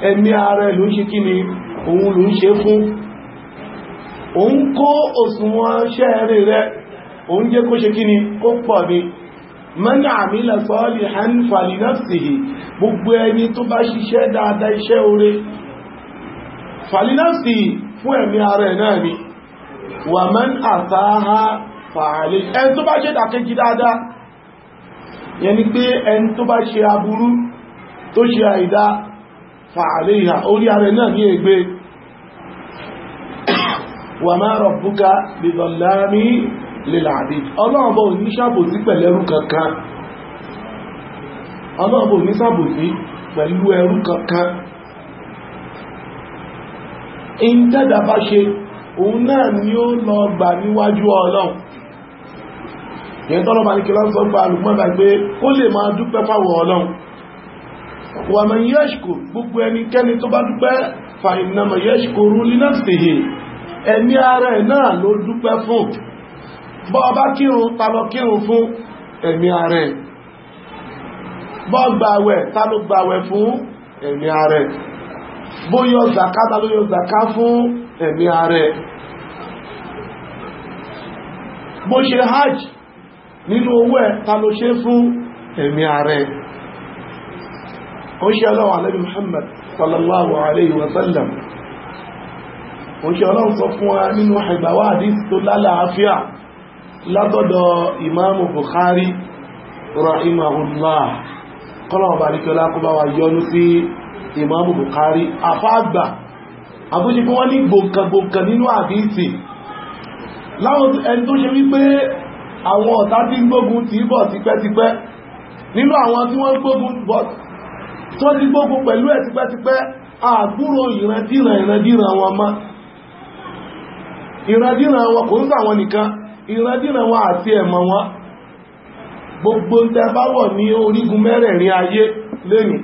ẹ̀mí ara ẹ̀ ló ń ṣe kí ni òun ló ń ṣe fún òun kó òsùnwọ̀n ṣẹ́ẹ̀rẹ̀ rẹ̀ òun jẹ́ kó ṣe kí ni kó pọ̀ ni mọ́nà àmìlẹ̀ sọ́ọ̀lì hànífàlì náà sì hì gbogbo ẹni tó bá ṣiṣẹ́ dáadáa iṣẹ́ oore fàlínàfì fún ẹ̀mí ara ẹ̀ náà ni wà mọ́n àtàhà fàálẹ̀ ẹni tó bá ṣe dàkejì dáadáa yẹni pé ẹni tó bá ṣe aburú tó ṣe àìdá fàálẹ̀ ìhà orí ara náà ní ègbé wà má rọ̀bùka bìbọ̀lámi lílà àdíjì ọlọ́ọ̀bọ̀ òní sàbòsí pẹ̀lẹ́rú kankan ọlọ́ọ̀bọ̀ òní sàbòsí pẹ̀lú ẹrú kankan in tẹ́dà bá ṣe òun náà ni ó lọ gbà níwájú ọlọ́run yẹn tọ́lọ́ bá ní kí lọ́sọ́ gba alùpùpù pé kó lè máa dúpẹ́ fáwọn ọlọ́run fa ìnàmọ̀ yẹ́ṣkò rú línà sí ẹni ara ẹ̀ náà ló dúpẹ́ fún bọ́ ọba kírun talọ fu fún ẹ̀mí ààrẹ bọ́ gbàwẹ̀ talọ gbàwẹ̀ fún ẹ̀mí ààrẹ bó yọ zàká yọ zaka fún ẹ̀mí ààrẹ bó ṣe hajj nínú owó ẹ̀ talọ ṣe fún ẹ̀mí ààrẹ ó ṣe ọlọ́wà Ànábì Muhammad sallallahu alayhi wa sallam ṣe sọ fún wa nínú àdís tó látọ̀dọ̀ ìmáàmù Bukhari rahimahullah kọ́lọ̀wọ̀ bá níkẹ́ lákúbá wa yọnú sí ìmáàmù Bukhari afágbà àbújí fún wọ́n ní gbòǹkàgbòǹkà nínú àdíìsì láwọn ẹni tó ṣe wípé àwọn ọ̀tá tí gbógun ti bọ̀ tipẹ́tipẹ́ nínú àwọn tí wọ́n gbógun bọ̀ tó ti gbógun pẹ̀lú ẹ̀ tipẹ́tipẹ́ àgbúrò ìrandíran ìrandíran wọn mọ́ ìrandíran wọn kò ń sàwọn nìkan ìrandíran wọn àti ẹ̀mọ̀ wọn gbogbo ń tẹ́ bá ní orígun mẹ́rẹ̀ẹ̀rin ayé lẹ́yìn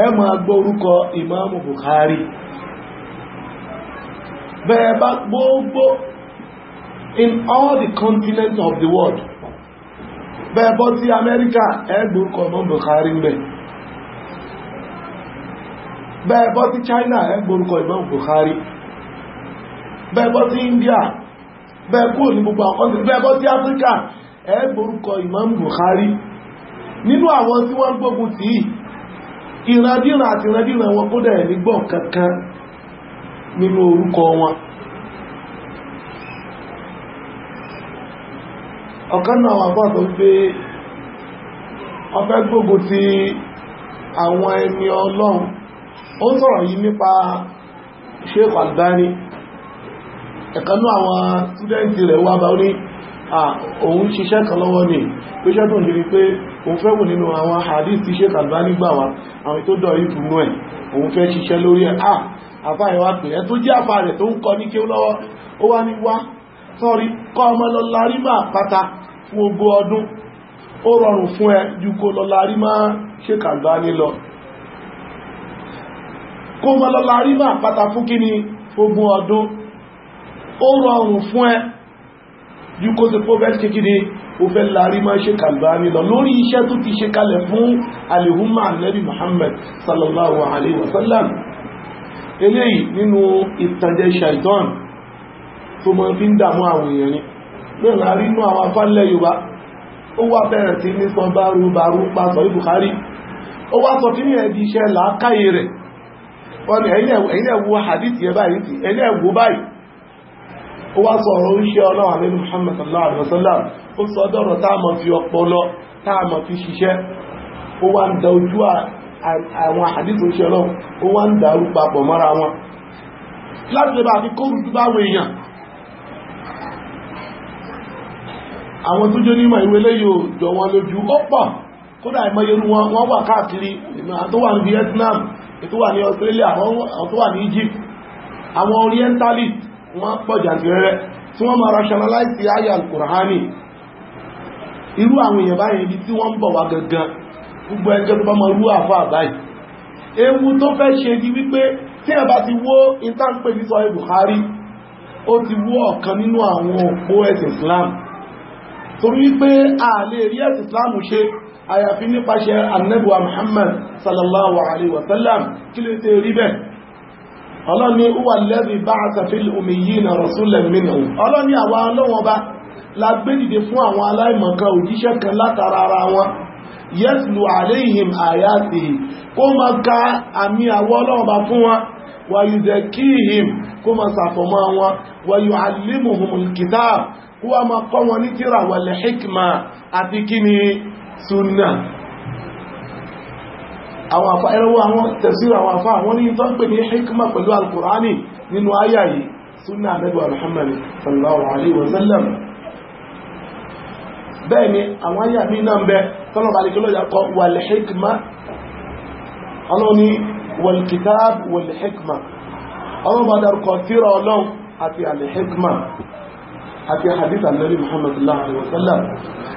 ẹ máa gbọ́ Bukhari bá gbogbo in all the continents of the world bẹ́ẹ̀ bọ́ sí Amẹ́ríkà ẹ gbọ́ Bukhari ń bẹ̀ China e gbọ́ orúkọ Bukhari bọ́ India bẹ́ẹ̀kúrò ní gbogbo àkọ́sí bẹ́ẹ̀kọ́ sí áfíríkà ẹ gbórúkọ Imam Bukhari nínú àwọn tí wọ́n gbógun tí ìrandíran àti ìrandíran wọn kó dẹ̀ nígbọ̀n kankan nínú orúkọ wọn ọ̀kan náà wà fọ́ wípé ọfẹ́ gbógun ti àwọn ẹni ọlọ́run ó sọ̀rọ̀ yìí nípa Sheikh Albani ẹ̀kanú àwọn túdẹ́ǹtì rẹ̀ wá bá ní òun ṣiṣẹ́ kan lọ́wọ́ ní pẹ́ṣẹ́ tó ń dirí pé òun fẹ́ wù nínú àwọn hadith tí Sheikh Albani gbà wá àwọn tó dọ̀ ìtù mú ẹ̀ òun fẹ́ ṣiṣẹ́ lórí ẹ̀ à àfá ẹ̀wà pẹ̀lẹ́ tó jẹ́ àfá rẹ̀ tó ń kọ ní kí ó wá ní wá ó rọrùn fún ẹ yí kó ti pọ́ bẹ́ẹ̀ kékeré ó fẹ́ láàrí máa ṣe kàlbáni lọ lórí iṣẹ́ tó ti ṣe kalẹ̀ fún alìhúnmà nabi muhammad sallallahu alaihi wasallam eléyìí nínú ìtànjẹ shaitan tó mọ́ fi ń dàmú àwọn èèyàn ni náà láàrí inú àwọn afálẹ̀ yorùbá ó wá bẹ̀rẹ̀ sí ní sọ bárú bárú pa ẹ̀wọ̀ báyìí ó wá sọ ọ̀rọ̀ oríṣẹ́ ọlọ́wà nínú Muhammad sallallahu alaihi wasallam ó sọ ọdọ́rọ̀ táàmà fi ọpọlọ táàmà fi ṣiṣẹ́ ó wá ń da ojú àwọn àdíṣò oríṣẹ́ ọlọ́wà ó wá ń dàrú papọ̀ mọ́ra wọn láti lè bá fi kóòrù tó báwọ èèyàn àwọn tó jẹ́ onímọ̀ ìwé léyò jọ wọn lójú ó pọ̀ kódà ìmọ̀yẹrù wọn wọ́n wà káàkiri tó wà ní Vietnam tó wà ní Australia tó wà ní Egypt àwọn orientalist wọ́n pọ̀ jàndìrẹ́rẹ́ tí wọ́n máa rationalize ayé alkùránì irú àwọn èèyàn báyìí ibi tí wọ́n ń bọ̀ wá gangan gbogbo ẹjọ́ tó bá mọ rú àfá àbáyìí ewu tó fẹ́ ṣe di wípé tí ẹ bá ti wó ìtànpé ní sọ Buhari ó ti wó ọ̀kan nínú àwọn òpó ẹ̀sìn Islam torí wípé a lè rí ẹ̀sìn Islam ṣe àyàfi nípasẹ̀ annabuwa Muhammad sallallahu alaihi wasallam kí lè tẹ́ rí bẹ́ẹ̀ ọlọ́ni uwa lẹ́bí bá a tàfíl omiyi na rọ̀súlẹ̀ mìíràn ọlọ́ni àwọn alọ́wọ́ bá lágbédìde fún àwọn aláìmọ̀kan òjíṣẹ́ kan látara ara wọn yẹ́sùlù àléhìm àyàtì kó ma ka àmì àwọn ọlọ́wọ́ bá fún wọn wàyùzẹ̀ kíhìm kó ma sàfọ̀mọ́ wọn wàyù alímùhùn kìtà kó wa ma kọ́ wọn ní tíra wàlẹ̀ hikma àti kíni sunna àwọn àfá ẹrọwọ́ àwọn tẹ̀síra àwọn àfá àwọn ní tó ń pè ní hikma pẹ̀lú alkùránì nínú ayà yìí súnà àdẹ́gbà Muhammad sallallahu alaihi wasallam bẹ́ẹ̀ ni àwọn ayà mí náà bẹ tọ́lọ̀bà alìkọlọ́jà kọ wal hikma ọlọ́ni wal kitab wal hikma ọlọ́bà dárúkọ sallallahu alaihi wasallam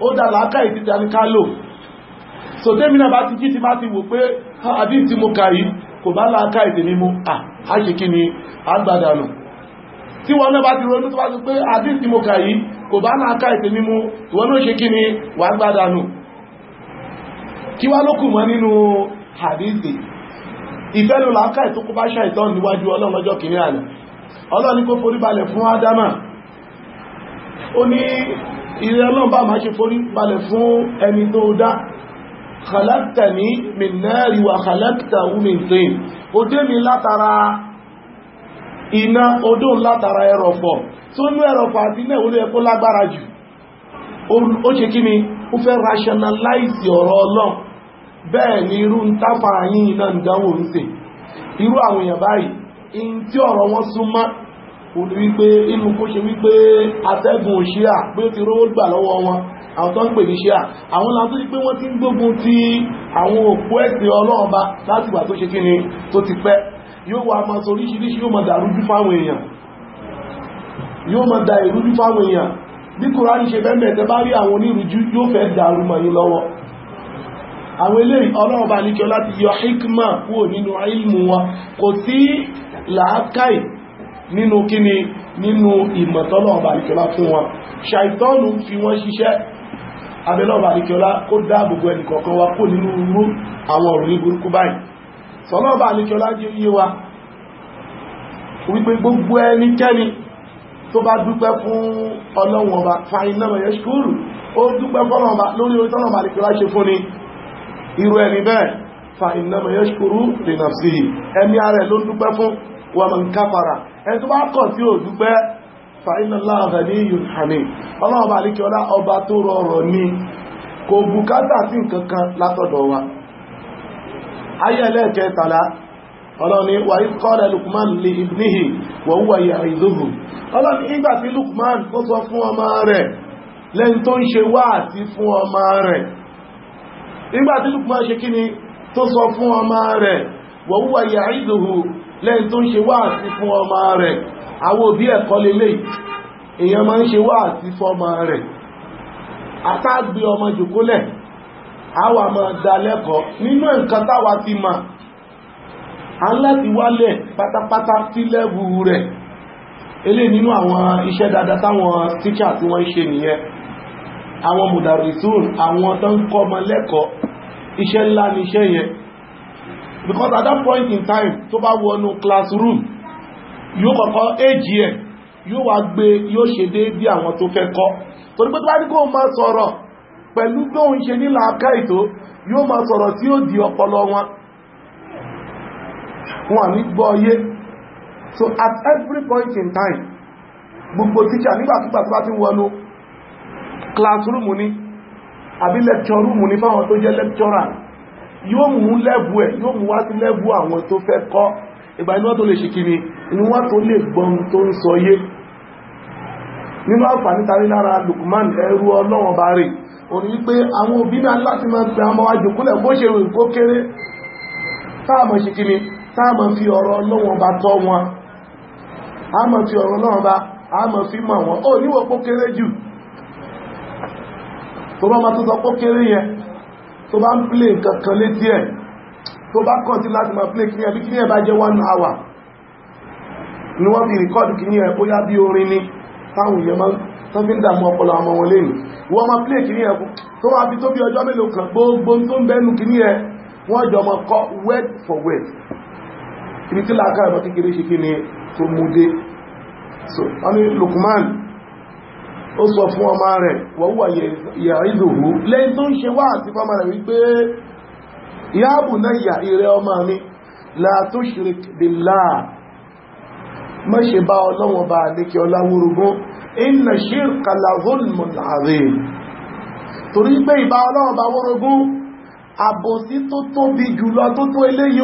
ó dá làákà ìtìjà ní kálò so tẹ́mìnà bá ti jí ti máa ti wò pé àdí tí mo kà yìí kò bá làákà ìtì mímú à ni agbádànù tí wọ́n náà bá ti ronú tó bá ti pé àdí tí mo kà yìí kò bá làákà ìtì mímú wọ́n náà ṣe kí ni wà gbádànù kí wá ló mọ́ nínú hadithi ìfẹ́lú làákà ìtókù bá ṣàìtọ́ níwájú ọlọ́run lọ́jọ́ àná ọlọ́run kó forí balẹ̀ fún ó ní ìrẹ́ ọlọ́mbà máa ṣe forí balẹ̀ fún ẹni tó dá khalaqtani min nari wa khalaqtahu min tin ó dé mi látara iná odó látara ẹrọ̀fọ̀ tó ní ẹrọ̀fọ̀ àti iná ìwòlú ẹkó lágbára jù ó ṣe kí ni ó fẹ́ rationalize ọ̀rọ̀ ọlọ́n bẹ́ẹ̀ ni irú ń táfà yín iná ìdánwò ń ṣe irú àwọn báyìí in tí ọ̀rọ̀ wọn súnmọ́ olú wípé inú kó ṣe wípé atẹ́gùn ṣíà pé ti rówó gbà lọ́wọ́ wọn àwọn tó ń pè ní ṣíà àwọn látó ti pé wọ́n ti ń gbógun ti àwọn òpó ẹ̀sìn ọlọ́ọ̀ba láti ìgbà tó ṣe kí ni tó ti pẹ́ yóò wà máa sọ oríṣiríṣi yóò máa dàrújú fáwọn èèyàn yóò máa da ìrújú fáwọn èèyàn bí kùránì ṣe bẹ́ẹ̀ mẹ́ẹ̀tẹ́ bá rí àwọn onírújú yóò fẹ́ dàrú mọ̀ yín lọ́wọ́ àwọn eléyìí ọlọ́ọ̀ba níkẹ́ láti yọ hikma kúrò nínú ilmu wọn kò sí làákàì nínú kíni nínú ìmọ̀tọ́nà ọba àríkẹ́lá fún wọn ṣàìtọ́nù fi wọ́n ṣiṣẹ́ abẹ́lọ́ba àríkẹ́lá kó dáàbòbò ẹnìkọ̀ọ̀kan wa kó nínú irú àwọn òrùn burúkú báyìí sọ́lọ́ba àríkẹ́lá jẹ́ yé wa wípé gbogbo ẹnikẹ́ni tó bá dúpẹ́ fún ọlọ́run ọba fainama yẹ ṣúkúrù ó dúpẹ́ fọ́lọ́ọba lórí orí tọ́lọ̀mà àríkẹ́lá ṣe fún ni irú ẹni bẹ́ẹ̀ fainama yẹ ṣúkúrù lè nà sí ẹni ara wọ́n mọ̀ ń káfàrà ẹni tó bá kọ̀ tí ò dúpẹ́ fàílọ́láàrẹ ní yùnhàní ọba tó rọrọ̀ ní kò bùkátà sí nkankan látọ̀dọ̀ wa kẹtàlá ọlọ́ni wà ní Lukman lè ibnihi wà wúwà ya'idhuhu Lukman sọ fún fún Lukman sọ lẹ́yìn tó ń ṣe wáàsí fún ọmọ rẹ̀ àwọn òbí ẹ̀kọ́ lélẹ̀ èèyàn máa ń ṣe wáàsí fún ọmọ rẹ̀ àtàgbé ọmọ jòkólẹ̀ àwa máa dá lẹ́kọ̀ọ́ nínú nǹkan táwa ti mà á láti wálẹ̀ pátápátá sí lẹ́bù rẹ̀ elé nínú àwọn iṣẹ́ dáadáa táwọn tíṣà tí wọ́n ń ṣe nìyẹn àwọn mùdàrísùn àwọn tó ń kọ́ ọmọ lẹ́kọ̀ọ́ iṣẹ́ ńlá ni iṣẹ́ yẹn because at that point in time tó bá wọnú classroom yóò kọ́kọ́ èjì ẹ̀ yóò wá gbé yóò ṣe déédé àwọn tó fẹ́ kọ́ torí pé bá ní kó máa sọ̀rọ̀ pẹ̀lú gbóhun ṣe nílà aká ìtó yóò máa sọ̀rọ̀ tí ó di ọpọlọ wọn wọn ní gbọ́ yé so at every point in time gbogbo teacher nígbàkígbà tó bá ti wọnú classroom ni àbí lecture room ni fáwọn tó jẹ́ lecturer yóò mú lẹ́bù ẹ̀ yóò mú wá sí lẹ́bù àwọn tó fẹ́ kọ́ ìgbà inú tó lè ṣe kí inú wọ́n tó lè gbọ́n tó ń sọ yé nínú àǹfààní nítarí lára Lukman ẹrú ọlọ́wọ̀n bá rè òní pé àwọn òbí náà láti máa pẹ ọmọ wa jòkúlẹ̀ bó ṣe rìn kó kéré táàmọ̀ ṣe kí ni táàmọ̀ fi ọ̀rọ̀ ọlọ́wọ̀n bá tọ́ wọn a mọ̀ fi ọ̀rọ̀ ọlọ́wọ̀n bá a mọ̀ fi mọ̀ wọn ó níwọ̀ kó kéré jù tó bá ma tó sọ kó kéré yẹn tó bá ń plé kankan létí ẹ̀ tó bá kọ́ sí láti máa plé kíní ẹ̀ bí kíní ẹ̀ bá jẹ́ one hour ni wọ́n fi rìkọ́dù kíní ẹ̀ bóyá bí orin ní táwọn èèyàn máa tán fi ń dàmú ọpọlọ ọmọ wọn lẹ́yìn wọ́n máa plé kíní ẹ̀ tó wá bí tó bí ọjọ́ mélòó kan gbogbo tó ń bẹ́nu kíní ẹ̀ wọ́n jọ mọ kọ́ word for word ibi tí làákàrẹ̀ mọ́ kékeré ṣe kí ni tó mú so wọ́n ní Lukman ó sọ fún ọmọ rẹ̀ wọ́wọ́ yàrídòwó lẹ́yìn tó ń ṣe wá àti fọ́mọ rẹ̀ wípé yáàbù náà yà ìrẹ ọmọ mi látó ṣirik billah má ṣe bá ọlọ́wọ́n bá àdékẹ́ ọláwúrúgún inna shirka la zulmun azim torí pé ìbá ọlọ́wọ́n bá wúrúgún àbòsí tó tóbi jùlọ tó tó eléyìí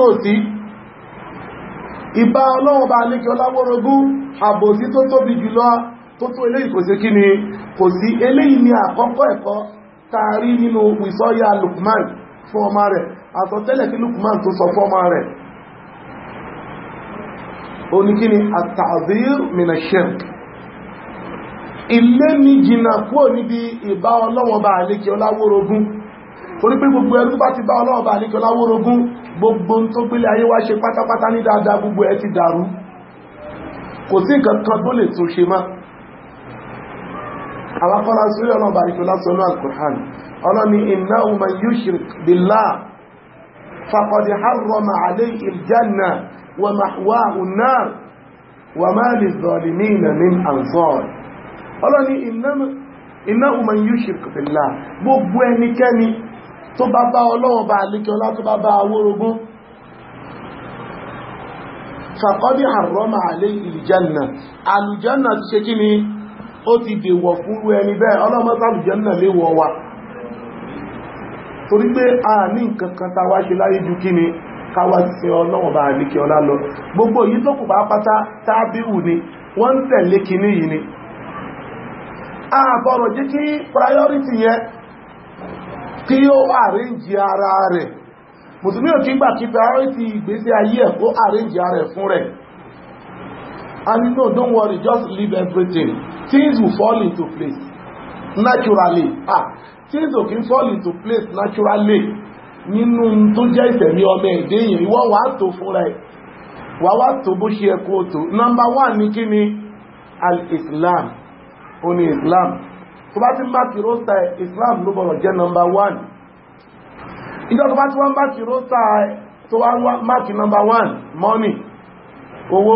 àbòsí tó tóbi jùlọ tó tó eléyìí kò sí kí ni kò sí eléyìí ni àkọ́kọ́ ẹ̀kọ́ taari nínú ìsọ́yà Lukman fún ọmọ rẹ̀ àsọtẹ́lẹ̀ kí Lukman tó sọ fún ọmọ rẹ̀ ó ní kí ni at-ta'dhir min ash-shirk ilé ní jìnnà kúrò níbi ìbá ọlọ́wọ́n bá àlékẹ́ ọláwórogún torí pé gbogbo ẹrú bá ti bá ti dàrú kò sí nǹkan kan tó lè tún ṣe máa àwọn afọ́lásí orí ọlọ́ọ̀bá ní kọlá sọ́lọ́ al-Qur'an ọlọ́ni innahu man yushrik billah faqad harrama alayhi al-janna wa mahwahu an-nar wa ma liz-zalimina min ansar ọlọ́ni innahu man yushrik billah gbogbo ẹnikẹ́ni tó bá bá ọlọ́ọ̀bá alékọlá tó bá bá awórogún faqad harrama alayhi al-janna ti ṣe kí ni ó ti dèwọ̀ fúrú ẹni bẹ́ẹ̀ wa torí pé a ní nǹkankan ta wá ṣe láyé ju kí ni káwà ti sin bá ní kí ọlá lọ gbogbo yìí tó kù bá pátá ni wọ́n ń tẹ̀lé kinní yìí ni a bọ̀rọ̀ jẹ́ kí priority yẹ kí ó ara rẹ̀ mùsùlùmí ò kí gbà kí priority ìgbésí ayé ara rẹ̀ fún rẹ̀ and you know don't worry things will fall into place naturally ah things will kí fall into place naturally nínú tó jẹ́ ìtẹ̀mí ọmọ ẹ̀dẹ́ yìí wọ́n wá tó fúnra ẹ̀ wà wá tó bó ṣe ẹkù òtò nọmbà wà ní kí ni al-islam o ni islam tó bá ti ń bá ti rósta islam ló bọ̀rọ̀ jẹ́ nọmbà wàn ìjọ tó bá ti wọ́n bá ti rósta tó wá máàkì nọmbà wàn money owó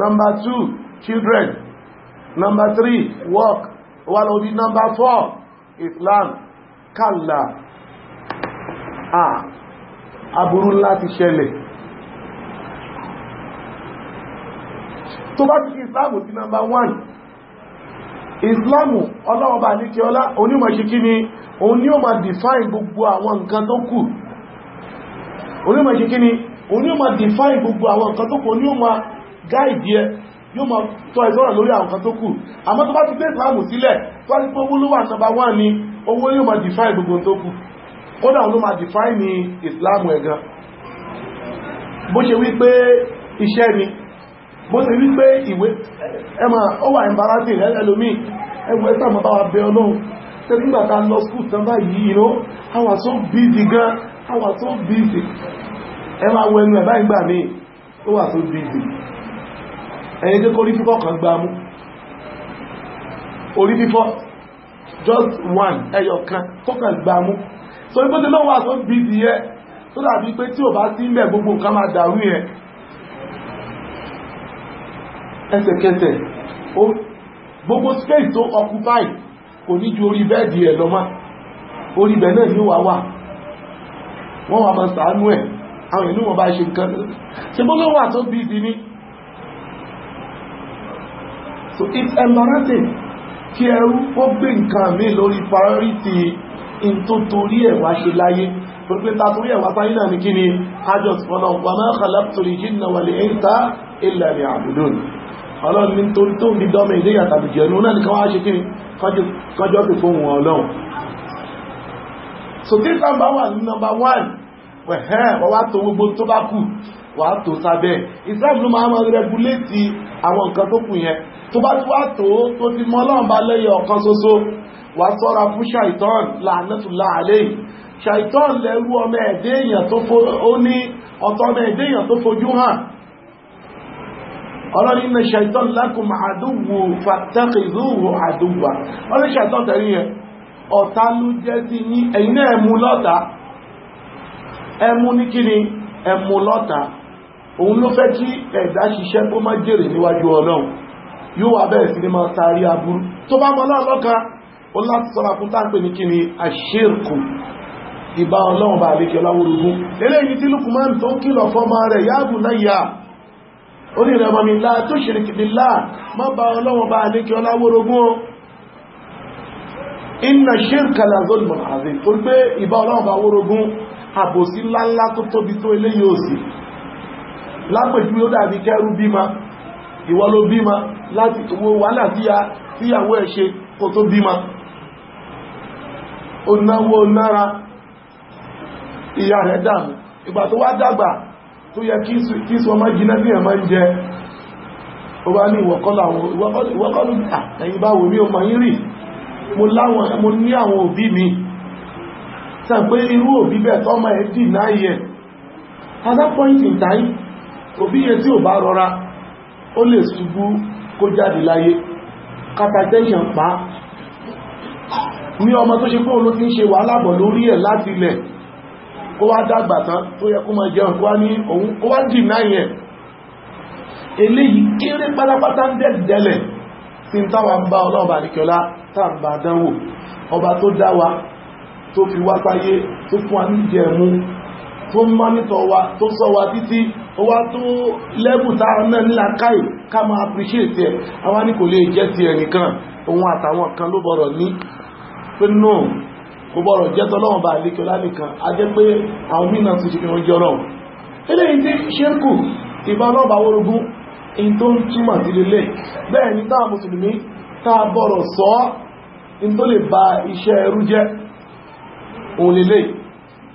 nọmbà two children Number three, work. obi number four, Islam. kala Ah, aburú ńlá ti ṣẹlẹ̀. Tó bá ti Islam sí number one. Islam ọlọ́ọ̀bà ní kí ọlá onímọ̀ ṣe kí ni, òun ni ó máa define gbogbo àwọn nǹkan tó kù. Onímọ̀ ṣe kí ni, òun ni ó máa define gbogbo àwọn nǹkan tó kù, òun ni ó máa guide yẹ yóò ma tọ ìsọ́rọ̀ lórí àwọn kan tó kù àmọ́ tó bá ti dé ìsìláàmù sílẹ̀ tó wájú pé olúwà nọmba wà ní owó yóò máa gbogbo tó kù kódà ló máa ní ìsìláàmù bó ṣe wípé iṣẹ́ ni bó ṣe wípé ìwé ẹmà ó wà embarrassing ẹlòmí ẹwọ ẹsà mọ́ bá wa bẹ ọlọ́run lọ so gan so ẹni tí kó rí fífọ́ kan gbá mú orí fífọ́ just one ẹyọ kan tó kàn gbá mú so ipò tí lọ́wọ́ àtọ́ bí i ẹ tó dàbí pé tí ò bá sí ilẹ̀ gbogbo nǹkan máa dàrú yẹn ẹsẹ̀kẹsẹ̀ gbogbo space tó occupy kò ní ju orí bẹ́ẹ̀dì ẹ̀ lọ́mọ́ orí bẹ̀ náà ní wà wà wọ́n wà máa sàánú ẹ̀ àwọn ìlú wọn bá ṣe nǹkan ṣe bó lọ́wọ́ àtọ́ bí ní so it's embarrassing kí ẹrú ó gbé nǹkan mi lórí priority in tó torí ẹ̀wà ṣe láyé pẹ̀lú ta torí ẹ̀wà sáyé náà ní kí ni ajọ́sí fọ́nà wà máa kàlápùtòrí jí na wà lè ń ta ilẹ̀ ni àbùdùn ọlọ́run ní torí tó ń di dọ́mẹ̀ ilé yàtàbí jẹ̀nu náà ní káwàá ṣe kí ni kọjọ́ so tí sábà wà ní one wẹ̀hẹ́ wọ́n wá tó gbogbo tó bá kù wà á tó sábẹ́ Islam tó bá tó wá tó tó ti mọ́ ọlọ́run bá lẹ́yẹ ọ̀kan ṣoṣo wà sọ́ra fún ṣàìtàn làánàtúlá àlẹ́yìn ṣàìtàn lẹ́rú ọmọ ẹ̀dẹ́ èèyàn tó fo ó ní ọ̀tọ̀ ọmọ ẹ̀dẹ́ èèyàn tó fojú hàn ọlọ́run iná ṣàìtàn lakum àdúgbò fàtàkìzúwò òun ló fẹ́ kí ẹ̀dá ṣiṣẹ́ kó má jèrè níwájú ọlọ́run yóò wà bẹ́ẹ̀ sí ní máa taari aburú tó bá mọ́ náà lọ́kàn láti sọ́ra fún táǹpé ní kí ni àṣírkù ìbá ọlọ́run bá àlékẹ́ ọláwórogún eléyìí tí Lukman tó ń kìlọ̀ fọ́mọ rẹ̀ yáàbù náà yà ó ní ìrẹ̀mọ̀ mi láà tó ṣe rìkìdì láà má bá ọlọ́run bá àlékẹ́ ọláwórogún inna ṣírkà lazolmọ̀ àzẹ́ tó gbé ìbá ọlọ́run bá wórogún àbòsí ńláńlá tó tóbi tó ìwọ ló bímọ láti owó wàhálà ẹ̀ ṣe kó tó bímọ ó náwó ìyá rẹ̀ dàmù ìgbà tó wá dàgbà tó yẹ kí sọ má jiná bí ẹ̀mọ́ ń jẹ ó bá ní ìwọ̀kọ́lù mo ní àwọn òbí mi irú òbí bẹ́ẹ̀ ó lè ṣubú kó jáde láyé katatension pa ní ọmọ tó ṣe pé oló ti ń ṣe wàhálà bọ̀ lórí ẹ̀ láti ilẹ̀ ó wá dàgbà tán tó yẹ kó máa jẹun kó wá ní òun ó wá dì náà eléyìí kéré pátápátá ń dẹ̀dẹ̀lẹ̀ tí ń ń bá ọlọ́ọ̀bà àríkẹ́ọlá tàbà dánwò ọba tó dá tó fi wá páyé tó fún wa ní jẹ̀mú tó ń mọ́nítọ̀ wa tó sọ wa títí ó wá tó lẹ́bù táwọn náà nílá káì ká máa appreciate ẹ̀ àwọn ní kò lè jẹ́ ti ẹnìkan òun àtàwọn kan ló bọ̀rọ̀ ní pé no kò bọ̀rọ̀ jẹ́ tọ́lọ́wọ̀n bá àlékẹ́ lánìkan a jẹ́ pé àwọn mìíràn ti ṣe fi wọ́n jọrọ̀ eléyìí tí ṣẹ́kù ìbá ọlọ́bàá orogún in tó ń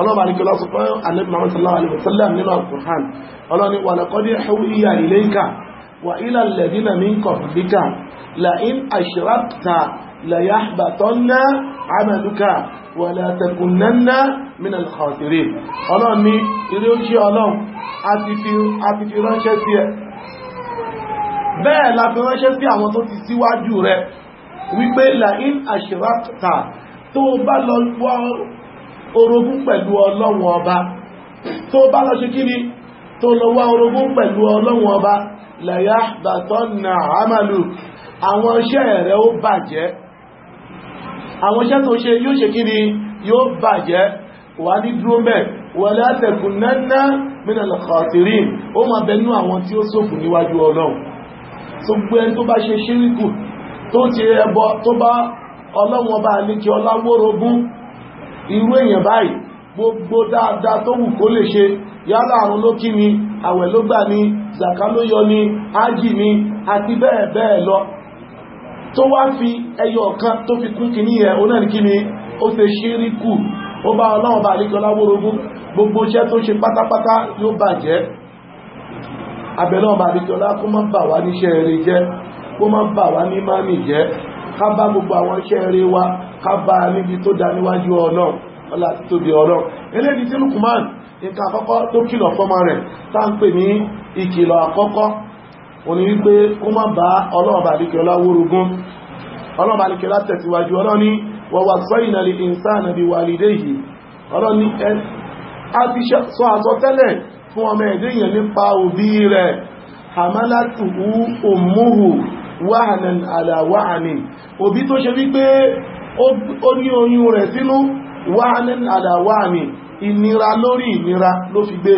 ọlọ́ba àríkọlá sọ fún alẹ́bí muhammad sallallahu alaihi wasallam nínú al-Qur'an ọlọ́ni wà lọ́kọ́dí ẹ̀húwíyà ilayka wà ila alladhina min qablika la'in ashrakta layahbatanna 'amaluka wà latakunanna min al-khasirin ọlọ́ni ilé oṣù ọlọ́run a ti fi ránṣẹ́ sí ẹ bẹ́ẹ̀ la fi ránṣẹ́ sí àwọn tó ti síwájú rẹ wípé la'in ashrakta tó bá lọ orogún pẹ̀lú ọlọ́run ọba tó bá lọ ṣe tó lọ orogún pẹ̀lú ọlọ́run ọba la yahbatanna amaluk àwọn iṣẹ́ rẹ̀ ó bàjẹ́ àwọn iṣẹ́ tó ṣe yóò ṣe kíni yóò bàjẹ́ wà ní dúró mẹ́ wala takunanna minal khasirin ó máa bẹnú àwọn tí ó ṣòfò níwájú ọlọ́run tó gbé tó bá ṣe ṣíríkù tó ti ẹbọ tó bá irú èèyàn báyìí gbogbo dáadáa tó wù kó lè ṣe yálà àrùn ló kí ni àwẹ̀ ló gbà ni zàká ló yọ ni ájì ni àti bẹ́ẹ̀ bẹ́ẹ̀ lọ tó wá fi ẹyọ kan tó fi kún kìíní ẹ̀ ó náà ní kí ni ó ṣe ṣíríkù ó bá ọlọ́run bá àríkọ láwórogún gbogbo iṣẹ́ tó ṣe pátápátá yóò bàjẹ́ abẹ̀lọ́run bá àríkọ lá má bà wá níṣẹ́ rere jẹ́ kó má bà wá ní má nì jẹ́ ká bá gbogbo àwọn iṣẹ́ rere wa ká bá níbi tó dá níwájú ọlọ́run ọlá títóbi ọlọ́run eléyìí tí Lukman nǹkan àkọ́kọ́ tó kìlọ̀ fọ́mọ rẹ̀ tá ń pè ní ìkìlọ̀ àkọ́kọ́ òní wípé kó má bá ọlọ́ọ̀bà àdíkẹ́lá wórogún ọlọ́ọ̀bà àdíkẹ́lá tẹ̀síwájú ọlọ́ni wọ̀wà sọ́yìn àlè ìsáànà bí wà lè a ti sọ àsọtẹ́lẹ̀ fún ọmọ ẹ̀dẹ́yìn nípa òbí rẹ̀ hamalatu umuhu wáhànan àlàwáhànin òbí tó ṣe wípé ó ní oyún rẹ̀ sínú wáhànan àlàwáhànin ìnira lórí ìnira ló fi gbé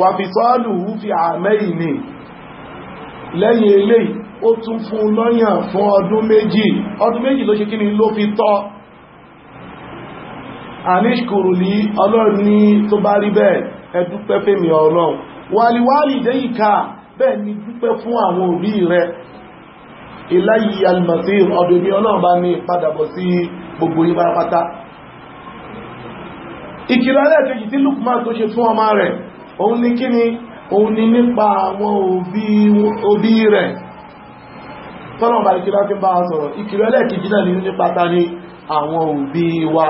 wà fi sọ́ọ̀lù hù fi àmẹ́yìn ni lẹ́yìn eléyìí ó tún fún lọ́yàn fún ọdún méjì ọdún méjì ló ṣe kí ni ló fi tọ́ bẹ́ẹ̀ ni dúpẹ́ fún àwọn òbí rẹ̀ iláyìí almasir ọdún ní ọlọ́run bá ní padàbọ̀ sí gbogbo yí parapata ìkìlọ́lẹ̀ kejì tí Lukman tó ṣe fún ọmọ rẹ̀ òun ni kí ni òun ni nípa àwọn òbí rẹ̀ tọ́lọ̀n bá ìkìlọ́ fi bá sọ̀rọ̀ ìkìlọ́lẹ̀ ni nípa ta ni àwọn òbí wa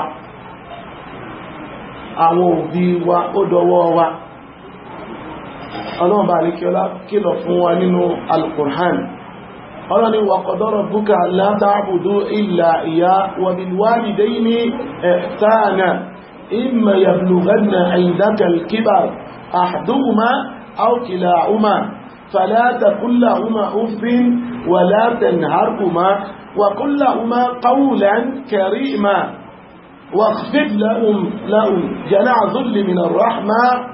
àwọn òbí wa ó wa ọlọ́run bá ìkìlọ́ kìlọ̀ fún wa nínú Al-Qur'an أراني وقد ربك لا تعبدوا إلا إياه وبالوالدين إحسانا إما يبلغن عندك الكبر أحدهما أو كلاهما فلا تقل لهما أف ولا تنهرهما وقل لهما قولا كريما واخفض لهم لهم جناع ذل من الرحمة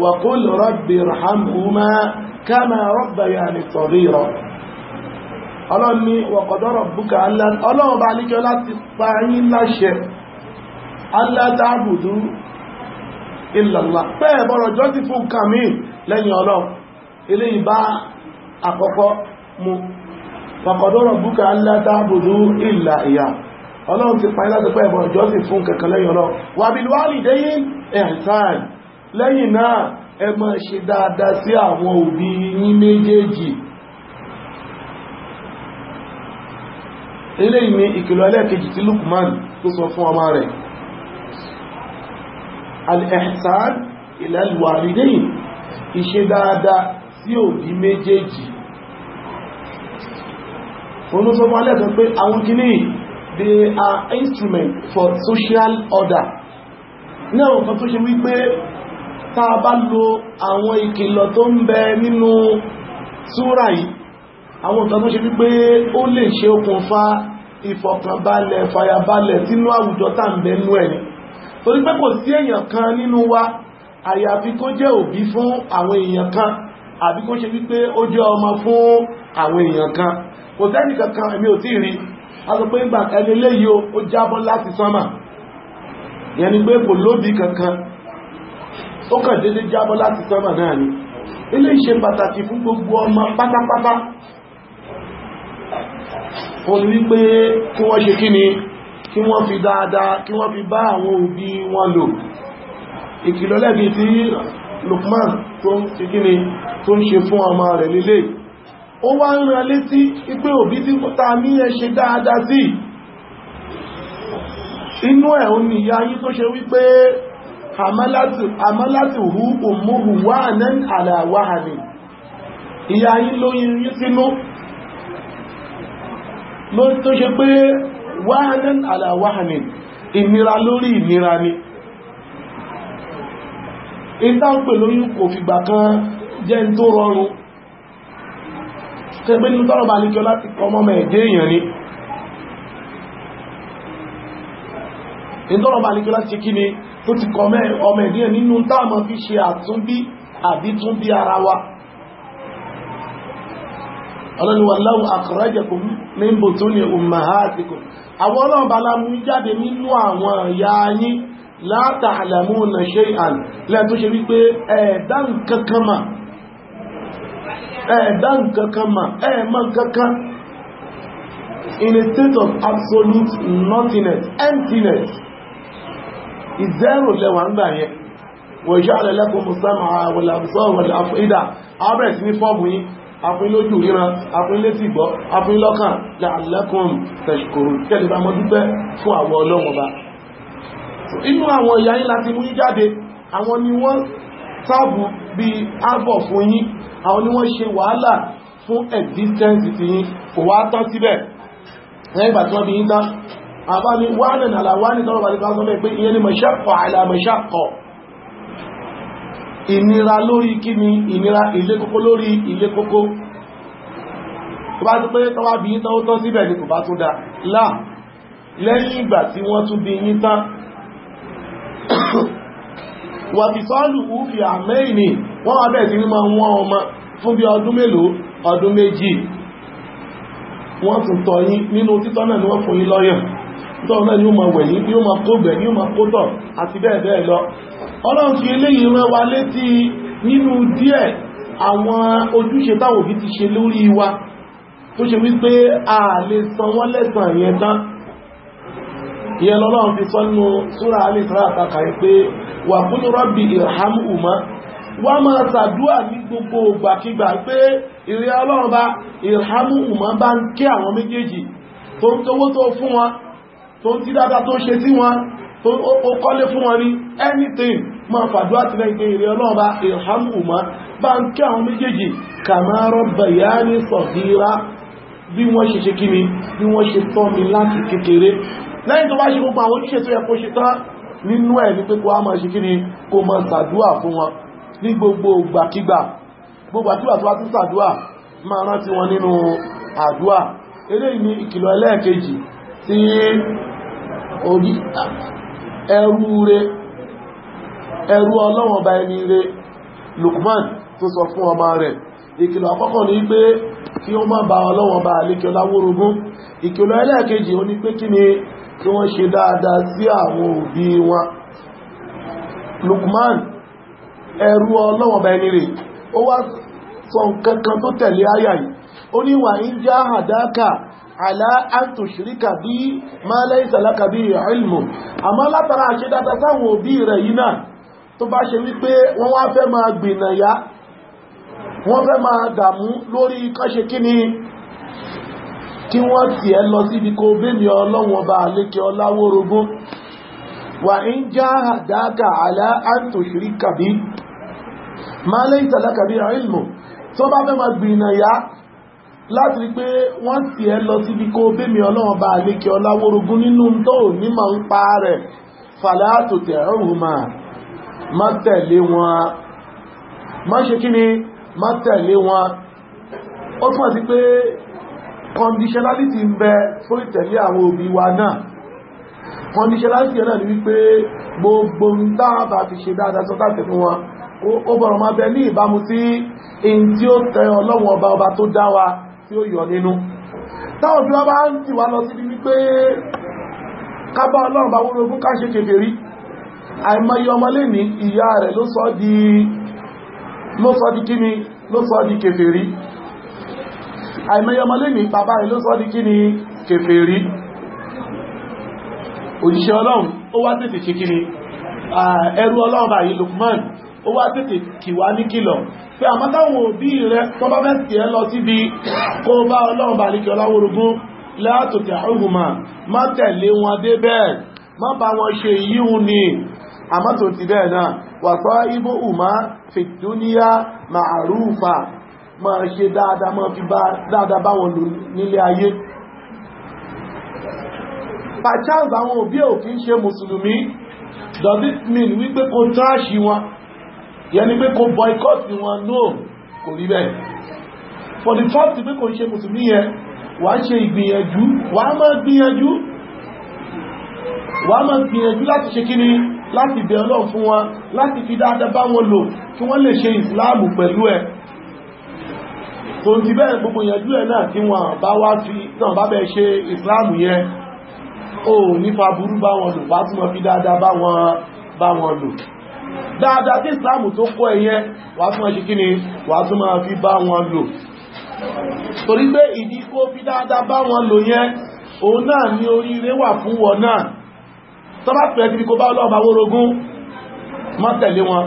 وقل رب ارحمهما كما رب صغيرا ọlọ́run ní wọ̀kọ̀dọ́rọ̀ búkà ọlọ́run bá níkẹ́ láti pa yín láṣẹ alátàbùdú ìlàlá pẹ́ẹ̀ bọ́rọ̀ jọ́ ti fún kàmí lẹ́yìn ọlọ́run ilé ìbá àkọ́kọ́ mú wọ̀kọ̀dọ́rọ̀ búkà alátàbùdú ìlà ìyà ọlọ́run ti pa eléyìí ni ìkìlọ̀ ẹlẹ́ẹ̀kejì tí Lukman tó sọ fún ọmọ rẹ̀ al-ihsan ila al-walidayn ìṣe dáadáa sí òbí méjèèjì olóṣọ́fún alẹ́ẹ̀tọ́ pé àwọn kìíní they are instrument for social order ní àwọn kan tó ṣe wípé tá lo àwọn ìkìlọ̀ tó ń bẹ nínú súra yìí àwọn nǹkan tó ṣe wípé ó lè ṣe fa ìfọ̀kànbalẹ̀ fàyàbalẹ̀ sínú àwùjọ tàbẹ̀nú ẹ̀yìn torí pé kò sí èèyàn kan nínú wa àyàfi kó jẹ́ òbí fún àwọn èèyàn kan àbí kó ṣe wípé ó jẹ́ ọmọ fún àwọn èèyàn kan kò sẹ́ni kankan èmi ò tí ì rí a sọ pé ìgbà ẹni léyìí ó jábọ́ láti sánmà yẹn pé kò lóbi kankan ó kàn déédéé jábọ́ láti sánmà náà ni ilé ìṣe pàtàkì fún gbogbo ọmọ pátápátá o ní wípé kí wọ́n ṣe kíni kí wọ́n fi dáadáa kí wọ́n fi bá àwọn òbí wọn lò ìkìlọ́lẹ́bí tí Lukman tó ń ṣe kíni tó ń ṣe fún ọmọ rẹ̀ lílé ó wá ń rán létí ipé òbí tí ta ní ẹ ṣe dáadáa sí inú ẹ̀ ó ní ìyá yí tó ṣe wípé àmọ́láti hù òmúhù wáhánẹ́ àlàwáhánẹ́ ìyá yí lóyìn yí sínú ló tó ṣe pé wáhánán aláwáhánì ìnira lórí ìnira ni ìtàǹpẹ̀ lóyún kò fìgbà kan jẹ́ ń tó rọrùn tẹ́gbẹ́ nínú tọ́rọ bá níkẹ́ láti kọmọ mẹ́ẹ̀dẹ́ èèyàn ni ìtọ́rọ bá níkẹ́ láti kí ni tó ti kọmọ ọmọ nínú táàmà fi ṣe àtúnbí àbítúnbí ara wa ọlọ́ni wà láwọ́ àkọ̀rọ̀jẹ̀kùn mímbò tó ní ummahatikum àwọn ọlọ́ọ̀bá lámú jáde nínú àwọn ìyá yín la ta'lamuna shay'an lẹ́tọ́ ṣe wípé ẹ̀ẹ̀dá nǹkankan mà ẹ̀ẹ̀dá nǹkankan mà ẹ̀ẹ̀mọ́ kankan in a state of absolute nothingness emptiness ìzẹ́rò lẹ́wà ń gbà yẹn wọ̀ṣẹ́ àlẹ́lẹ́kùn musamman wal absar wal afida abẹ́rẹ̀ sí ní fọ́ọ̀mù yìí afin lójú ríran afin létí gbọ́ afin lọ́kàn la'allakum tashkurun kẹ́lẹ̀ bá mọ́ dúpẹ́ fún àwọn ọlọ́run ọba inú àwọn ìyá yín láti mú jáde àwọn ni wọ́n sáàbù bí ábọ̀ fún yín àwọn ni wọ́n ṣe wàhálà fún existence ti yín kò wá tán síbẹ̀ lẹ́yìn ìgbà tí wọ́n ìnira lórí kí ni ìnira ilé kókó lórí ilé kókó tó bá tó pé tọ́wà bí tán ó tán síbẹ̀ ní kò bá tó dá láà lẹ́yìn ìgbà tí wọ́n tún bí yín tán wà bí sọ́ọ̀lù òfì àmẹ́ìnì wọ́n wà bẹ̀ẹ̀ sí ní máa wọ́n ọmọ fún bí ọdún mélòó ọdún méjì wọ́n tún tọ́ yín nínú títọ́ náà ni wọ́n fún yín lọ́yàn títọ́ náà ni ó máa wẹ̀ yín ni ó máa kó gbẹ̀ ni ó máa kó tọ̀ àti bẹ́ẹ̀ bẹ́ẹ̀ lọ ọlọ́run fi eléyìí rán wa létí nínú díẹ̀ àwọn ojúṣe táwọn òbí ti ṣe lórí wa tó ṣe wípé a lè san wọ́n lẹ́san yẹn tán ìyẹn lọ́lọ́run fi sọ nínú súra alìsára àtàkà yìí pé wà kúlù rabbi irhamhuma wọ́n tó ń tówó tó fún wọn tó ń tí dáadáa tó ṣe sí wọn ó kọ́lé fún wọn ní anything ma fàdó àti lẹ́gbẹ̀ ìrẹ́ ọlọ́ọ̀bá ìhàmùmá bá ń kí àwọn méjèèjì kàmárọ̀ bẹ̀yání sọ̀díra bí wọ́n ṣe ṣe kíni bí wọ́n ṣe tọ́ mi láti kékeré lẹ́yìn tó bá ṣe gbogbo àwọn ojúṣe tó yẹ kó ṣe tán nínú ẹ̀ ní pé kó a máa ṣe kíni kó máa ṣàdúà fún wọn ní gbogbo ìgbàkígbà gbogbo àdúà ẹrú rẹ̀ ẹrú ọlọ́wọ̀n ọba ẹni rẹ̀ Lukman tó sọ fún ọmọ rẹ̀ ìkìlọ̀ àkọ́kọ́ ní pé kí ó má ọlọ́wọ̀n bá alékẹ́ ìkìlọ̀ ẹlẹ́ẹ̀kejì ó ní pé kí ni kí Lukman ẹrú ọlọ́wọ̀n bá ẹni rẹ̀ ó wá sọ nǹkan kan tó tẹ̀lé àlá àtòṣìríkà bí máa lẹ́yìn sàlákà bí ìrìnmù àmọ́ látara àṣẹ́dáta sáwọn òbí rẹ̀ yìí náà tó bá ṣe wípé wọ́n wá fẹ́ máa gbìnà yá wọ́n fẹ́ máa dàmú lórí kánṣe kí ni kí wọ́n ti ẹ lọ síbi kó bẹ́mi ọlọ́wọ́n bá lékẹ ọláwórógún wà ń já àdáka àlá àtòṣìríkà bí máa lẹ́yìn sàlákà bí ìrìnmù tó bá fẹ́ máa gbìnà yá láti rí pé wọ́n tì ẹ́ lọ síbi kó bẹ́mi ọlọ́run bá àlékè ọláwórogún nínú tó nímọ̀ ń pa rẹ̀ fàlẹ́ àtòtẹ̀ ọ̀hùnmá má tẹ̀lé wọn má ṣe kí ni má tẹ̀lé wọn ó túnmọ̀ sí pé conditionality ń bẹ fún ìtẹ̀lé àwọn òbí wa náà conditionality náà ni wípé gbogbo ń dáàbà fi ṣe dáadáa sọ́tà tẹ̀ fún wọn ó bọ̀rọ̀ máa bẹ ní ìbámu sí in tí ó tẹ ọlọ́run ọba ọba tó dá wa tí ó yọ nínú táwọn tí wọ́n bá ń tì wá lọ sí wípé kábá ọlọ́run bá wọ́n ogún káṣe kékeré àìmọye ọmọlé ní ìyá rẹ̀ ló sọ di ló sọ di kíni ló sọ di kékeré àìmọye ọmọlé ní bàbá rẹ̀ ló sọ di kíni kékeré òjíṣẹ́ ọlọ́run ó wá tètè ṣe kíni ẹrú ọlọ́run báyìí Lukman ó wá tètè kìwá ní kìlọ̀ pé àmọ́ táwọn òbí rẹ tó bá bẹ́ tì ẹ́ lọ síbi kó bá ọlọ́run bá líkẹ́ ọláwórogún látòkè àhùnmá má tẹ̀lé wọn dé bẹ́ẹ̀ má bá wọn ṣe yíhun ni àmọ́ tó ti bẹ́ẹ̀ náà wà sọ ibò ùmá fìtúníyà màrúfà máa ṣe dáadáa máa fi dáadáa bá wọn lò nílé ayé pàṣáàzà àwọn òbí ò kí ń ṣe mùsùlùmí does it mean wípé kò tráṣì wọn yẹni pé kò boycott wọn no kò rí bẹ́ẹ̀ for the fact pé kò ń ṣe mùsùlùmí yẹn wà á ṣe ìgbìyànjú wà á máa gbìyànjú wà á máa gbìyànjú láti ṣe kíni láti bẹ̀ ọlọ́run fún wọn láti fi dáadáa bá wọn lò kí wọ́n lè ṣe ìsìláàmù pẹ̀lú ẹ̀ tó ti bẹ́ẹ̀ gbogbo ìyànjú ẹ̀ náà tí wọ́n bá wá fi náà bá bẹ́ẹ̀ ṣe ìsìláàmù yẹn ó nípa burú bá wọn lò bá túnmọ̀ fi dáadáa bá wọn lò dáadáa tí ìsìláàmù tó kọ́ ẹ̀yẹn wà tún ẹ̀ṣì kí ni wà tún máa fi bá wọn lò torí pé ìdí kó fi dáadáa bá wọn lò yẹn òun náà ní oríire wà fún wọn náà tó bá pẹ̀lẹ́ tíbi kó bá ọlọ́ọ̀bá wórogún má tẹ̀lé wọn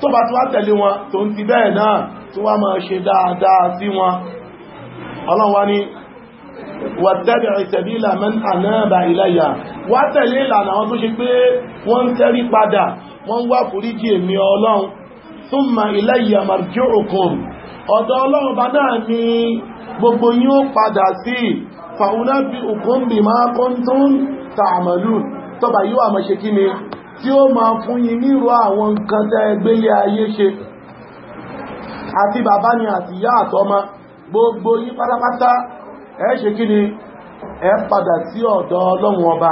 tó bá tún wá tẹ̀lé wọn tó ń ti bẹ́ẹ̀ náà tó wá máa ṣe dáadáa sí wọn ọlọ́wọ́ ni wàtẹ́bẹ̀rẹ̀ tẹ̀bílà mẹ́ta náà bá iláyà wá tẹ̀lé ìlànà àwọn tó ṣe pé wọ́n ń tẹ́rí padà wọ́n wá foríjì èmi ọlọ́run thumma ilayya marji'ukum ọ̀dọ̀ ọlọ́run bá náà ni gbogbo yín ó padà sí fa unabbi'ukum bima kuntum ta'malun tọ́bà yíò àmọ́ ṣe kí ni tí ó máa fún yín nírò àwọn nǹkan tẹ́ gbélé ayé ṣe àti bàbá ni àti ìyá àtọmọ gbogbo yín pátápátá ẹ ṣe kí ni ẹ padà sí ọ̀dọ̀ ọlọ́run ọba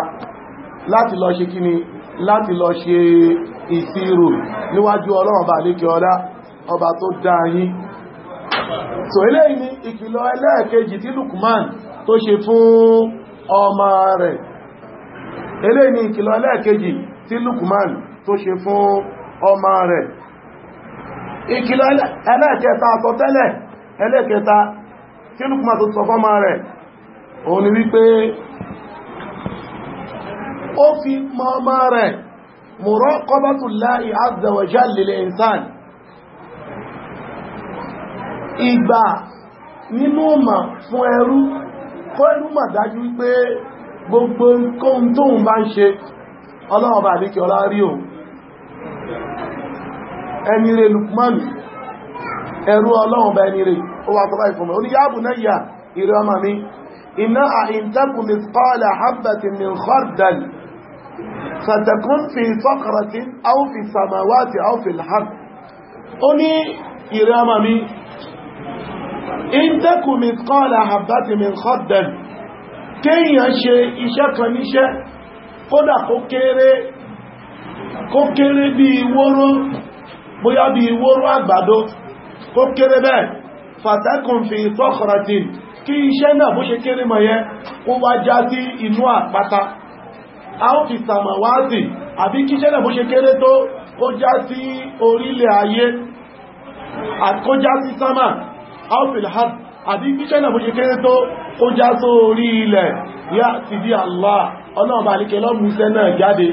láti lọ ṣe kí ni láti lọ ṣe ìsirò níwájú ọlọ́run bá lékè ọlá ọba tó dá so ilé ni ìkìlọ̀ ẹlẹ́ẹ̀kejì tí Lukman tó ṣe fún ọmọ rẹ̀ eléyìí ni ẹlẹ́ẹ̀kejì tí Lukman tó ṣe fún ọmọ rẹ̀ ẹlẹ́ẹ̀kẹta àtọ̀tẹ́lẹ̀ ẹlẹ́ẹ̀kẹta tí Lukman tó sọ fọ́mọ fi mọ́ ọmọ muraqabatullahi azza wa jalla lil insan ìgbà nínú ọmọ fún ẹrú kọ́ ẹrú mà dájú wípé gbogbo nǹkan tóun bá ń ṣe ọlọ́ọ̀bà àdíkẹ́ ọlá rí òun ẹnire Lukman ẹrú ọlọ́run bá ẹnire ó wà tọ́lá ìfọ̀mọ̀ oníyàbù náà yà ìrẹ́ ọmọ mi iná àìntakùn mìtọ́lá habbatin min khardal فتكون في فقرة أو في السماوات أو في الحق أني إراممي إن تك مثقال حبة من خردل kéèyàn ṣe iṣẹ́ kan níṣẹ́ kódà kó kéré kó kéré bí wóró bóyá bí wóró àgbàdo kó kéré bẹ́ẹ̀ fàtẹ́kùn fi tọ́kọ̀rọ̀tì kí iṣẹ́ náà bó ṣe kéré mọ̀ yẹn kó wá já sí inú àpáta áòkì sàmàwáàtì àbí kíṣẹ́ náà bó ṣe kéré tó kó já sí orílẹ̀ ayé kó já sí sámà áòfìlhàt àbí kíṣẹ́ náà bó ṣe kéré tó kó já sí orí yá ti bí Allah ọlọ́ọ̀bà àríkẹ́ lọ́mùsẹ́ náà jáde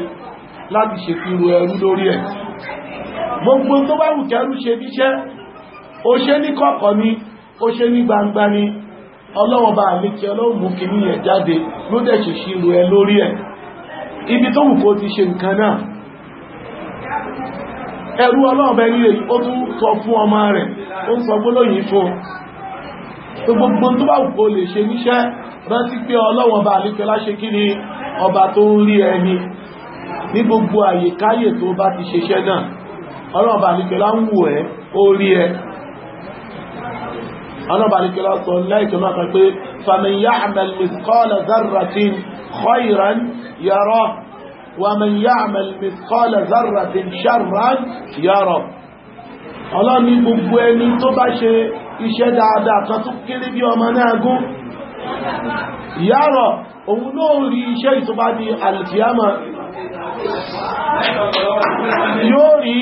láti ṣèfihù ẹrú lórí ẹ̀ gbogbo tó bá wù kẹrù ṣe bíṣẹ́ ó ṣe ní kọ̀kọ̀ ni ó ẹ̀ jáde ló dẹ̀ ṣèṣirò ẹ lórí ẹ̀ ibi tó wù kó ti ṣe nǹkan náà ẹ̀rú ọlọ́ọ̀bẹ̀ nílé ó tún sọ fún ọmọ rẹ̀ ó ń sọ gbólóyìn fún tó gbogbo tó bá wù kó lè ṣe níṣẹ́ rántí pé ọlọ́wọ̀n bá àlífẹ́ láṣe kí ni ọba tó ń rí ẹni ní gbogbo àyíkáyè tó bá ti ṣeṣẹ́ náà ọlọ́ọ̀bà àlífẹ́ láwù ẹ́ ó rí ẹ ọlọ́ọ̀bà àlífẹ́ lásọ láìkẹ́ máa pẹ́ faman ya'mal mithqala dharratin خيرا يراه ومن يعمل مثقال ذرة شرا يراه الله مي بوبويني تو باشي ايشي دادا تتوكلي بيو مناغو يرى ونوري شيء بعدي القيامة يوري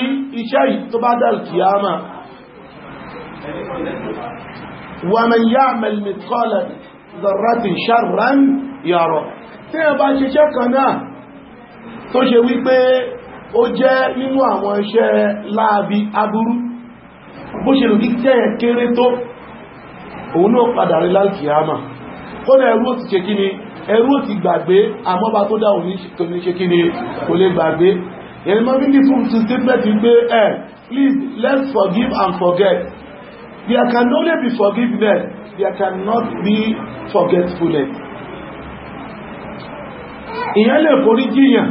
شيء بعد القيامة ومن يعمل مثقال ذرة شرا يرى tí ẹ bá ṣiṣẹ́ kan náà tó ṣe wípé ó jẹ́ nínú àwọn iṣẹ́ láàbí aburú bó ṣe lòdí tẹ́ kéré tó òun náà padà rí lálkìyàmà kódà ẹrú ó ṣe kí ẹrú ó gbàgbé àmọ́bà tó dá òní ṣe kí kò lè gbàgbé èyí mọ́ bí fún ti statement pé ẹ eh, please let's forgive and forget there can only be forgiveness there cannot be forgetfulness ìyẹn lè forí jíyàn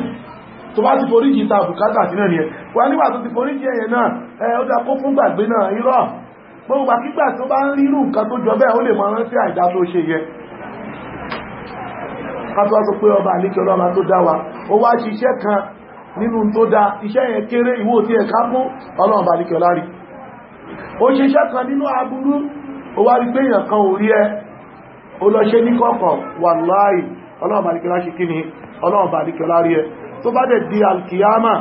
tó bá ti forí jí ta bùkátà sí náà ẹ wà nígbà tó ti forí jí ẹ̀yẹn náà ẹ ó dá kó fún gbàgbé náà irọ́ gbogbo àkígbà tó bá ń rírù nǹkan tó jọ bẹ́ẹ̀ ó lè máa rántí àìdá tó ṣe wa ó wá ṣiṣẹ́ kan nínú tó dá iṣẹ́ yẹn kéré ìwò tí ẹ ká fún ọlọ́ba àníkẹ́ ọlárí ó ṣiṣẹ́ kan nínú aburú ó wá rí kan ẹ ó lọ ṣe ní ọlọ́ba àníkẹ́ ọlọ́run bá díkẹ́ lárí ẹ tó bá dẹ̀ di alkiyama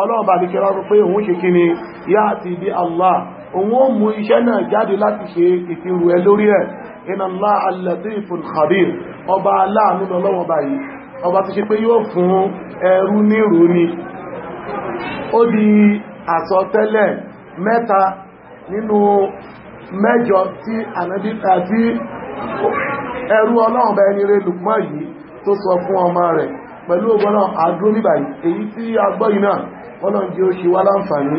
ọlọ́run bá díkẹ́ lárí pé òun ṣe kíni yá àti ibi allah òun ó mú iṣẹ́ náà jáde láti ṣe ìfihàn ẹ lórí ẹ̀ iná ńlá al-latiful khabir ọba aláàánú lọ́wọ́ báyìí ọba ti ṣe pé yóò fún ẹrú ní ìròní ó di mẹ́jọ tí ànábì àti ẹni rẹ̀ lùpọ̀ yìí tó sọ fún ọmọ rẹ̀ pẹ̀lú ọgbọ́nà àdúróbìbàì èyí tí a gbọ́ iná ọlọ́run jẹ́ ó ṣe wá láǹfààní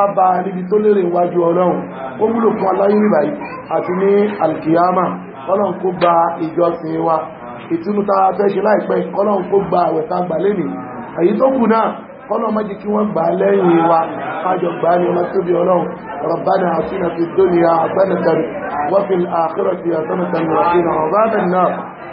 a bá níbi tó lérè wájú ọlọ́run ó múlò fún aláyébìbàì àti ní alkiyama ọlọ́run kó gba ìjọsìn wa ìtúnúta fẹ́ ṣe láìpẹ́ ọlọ́run kó gba àwẹ̀ta gbà lẹ́nì èyí tó kù náà ọlọ́run má kí wọ́n gbà lẹ́yìn wa kájọ gbà ní ọmọ tóbi ọlọ́run ربنا آتنا في الدنيا حسنة وفي الآخرة حسنة وقنا عذاب النار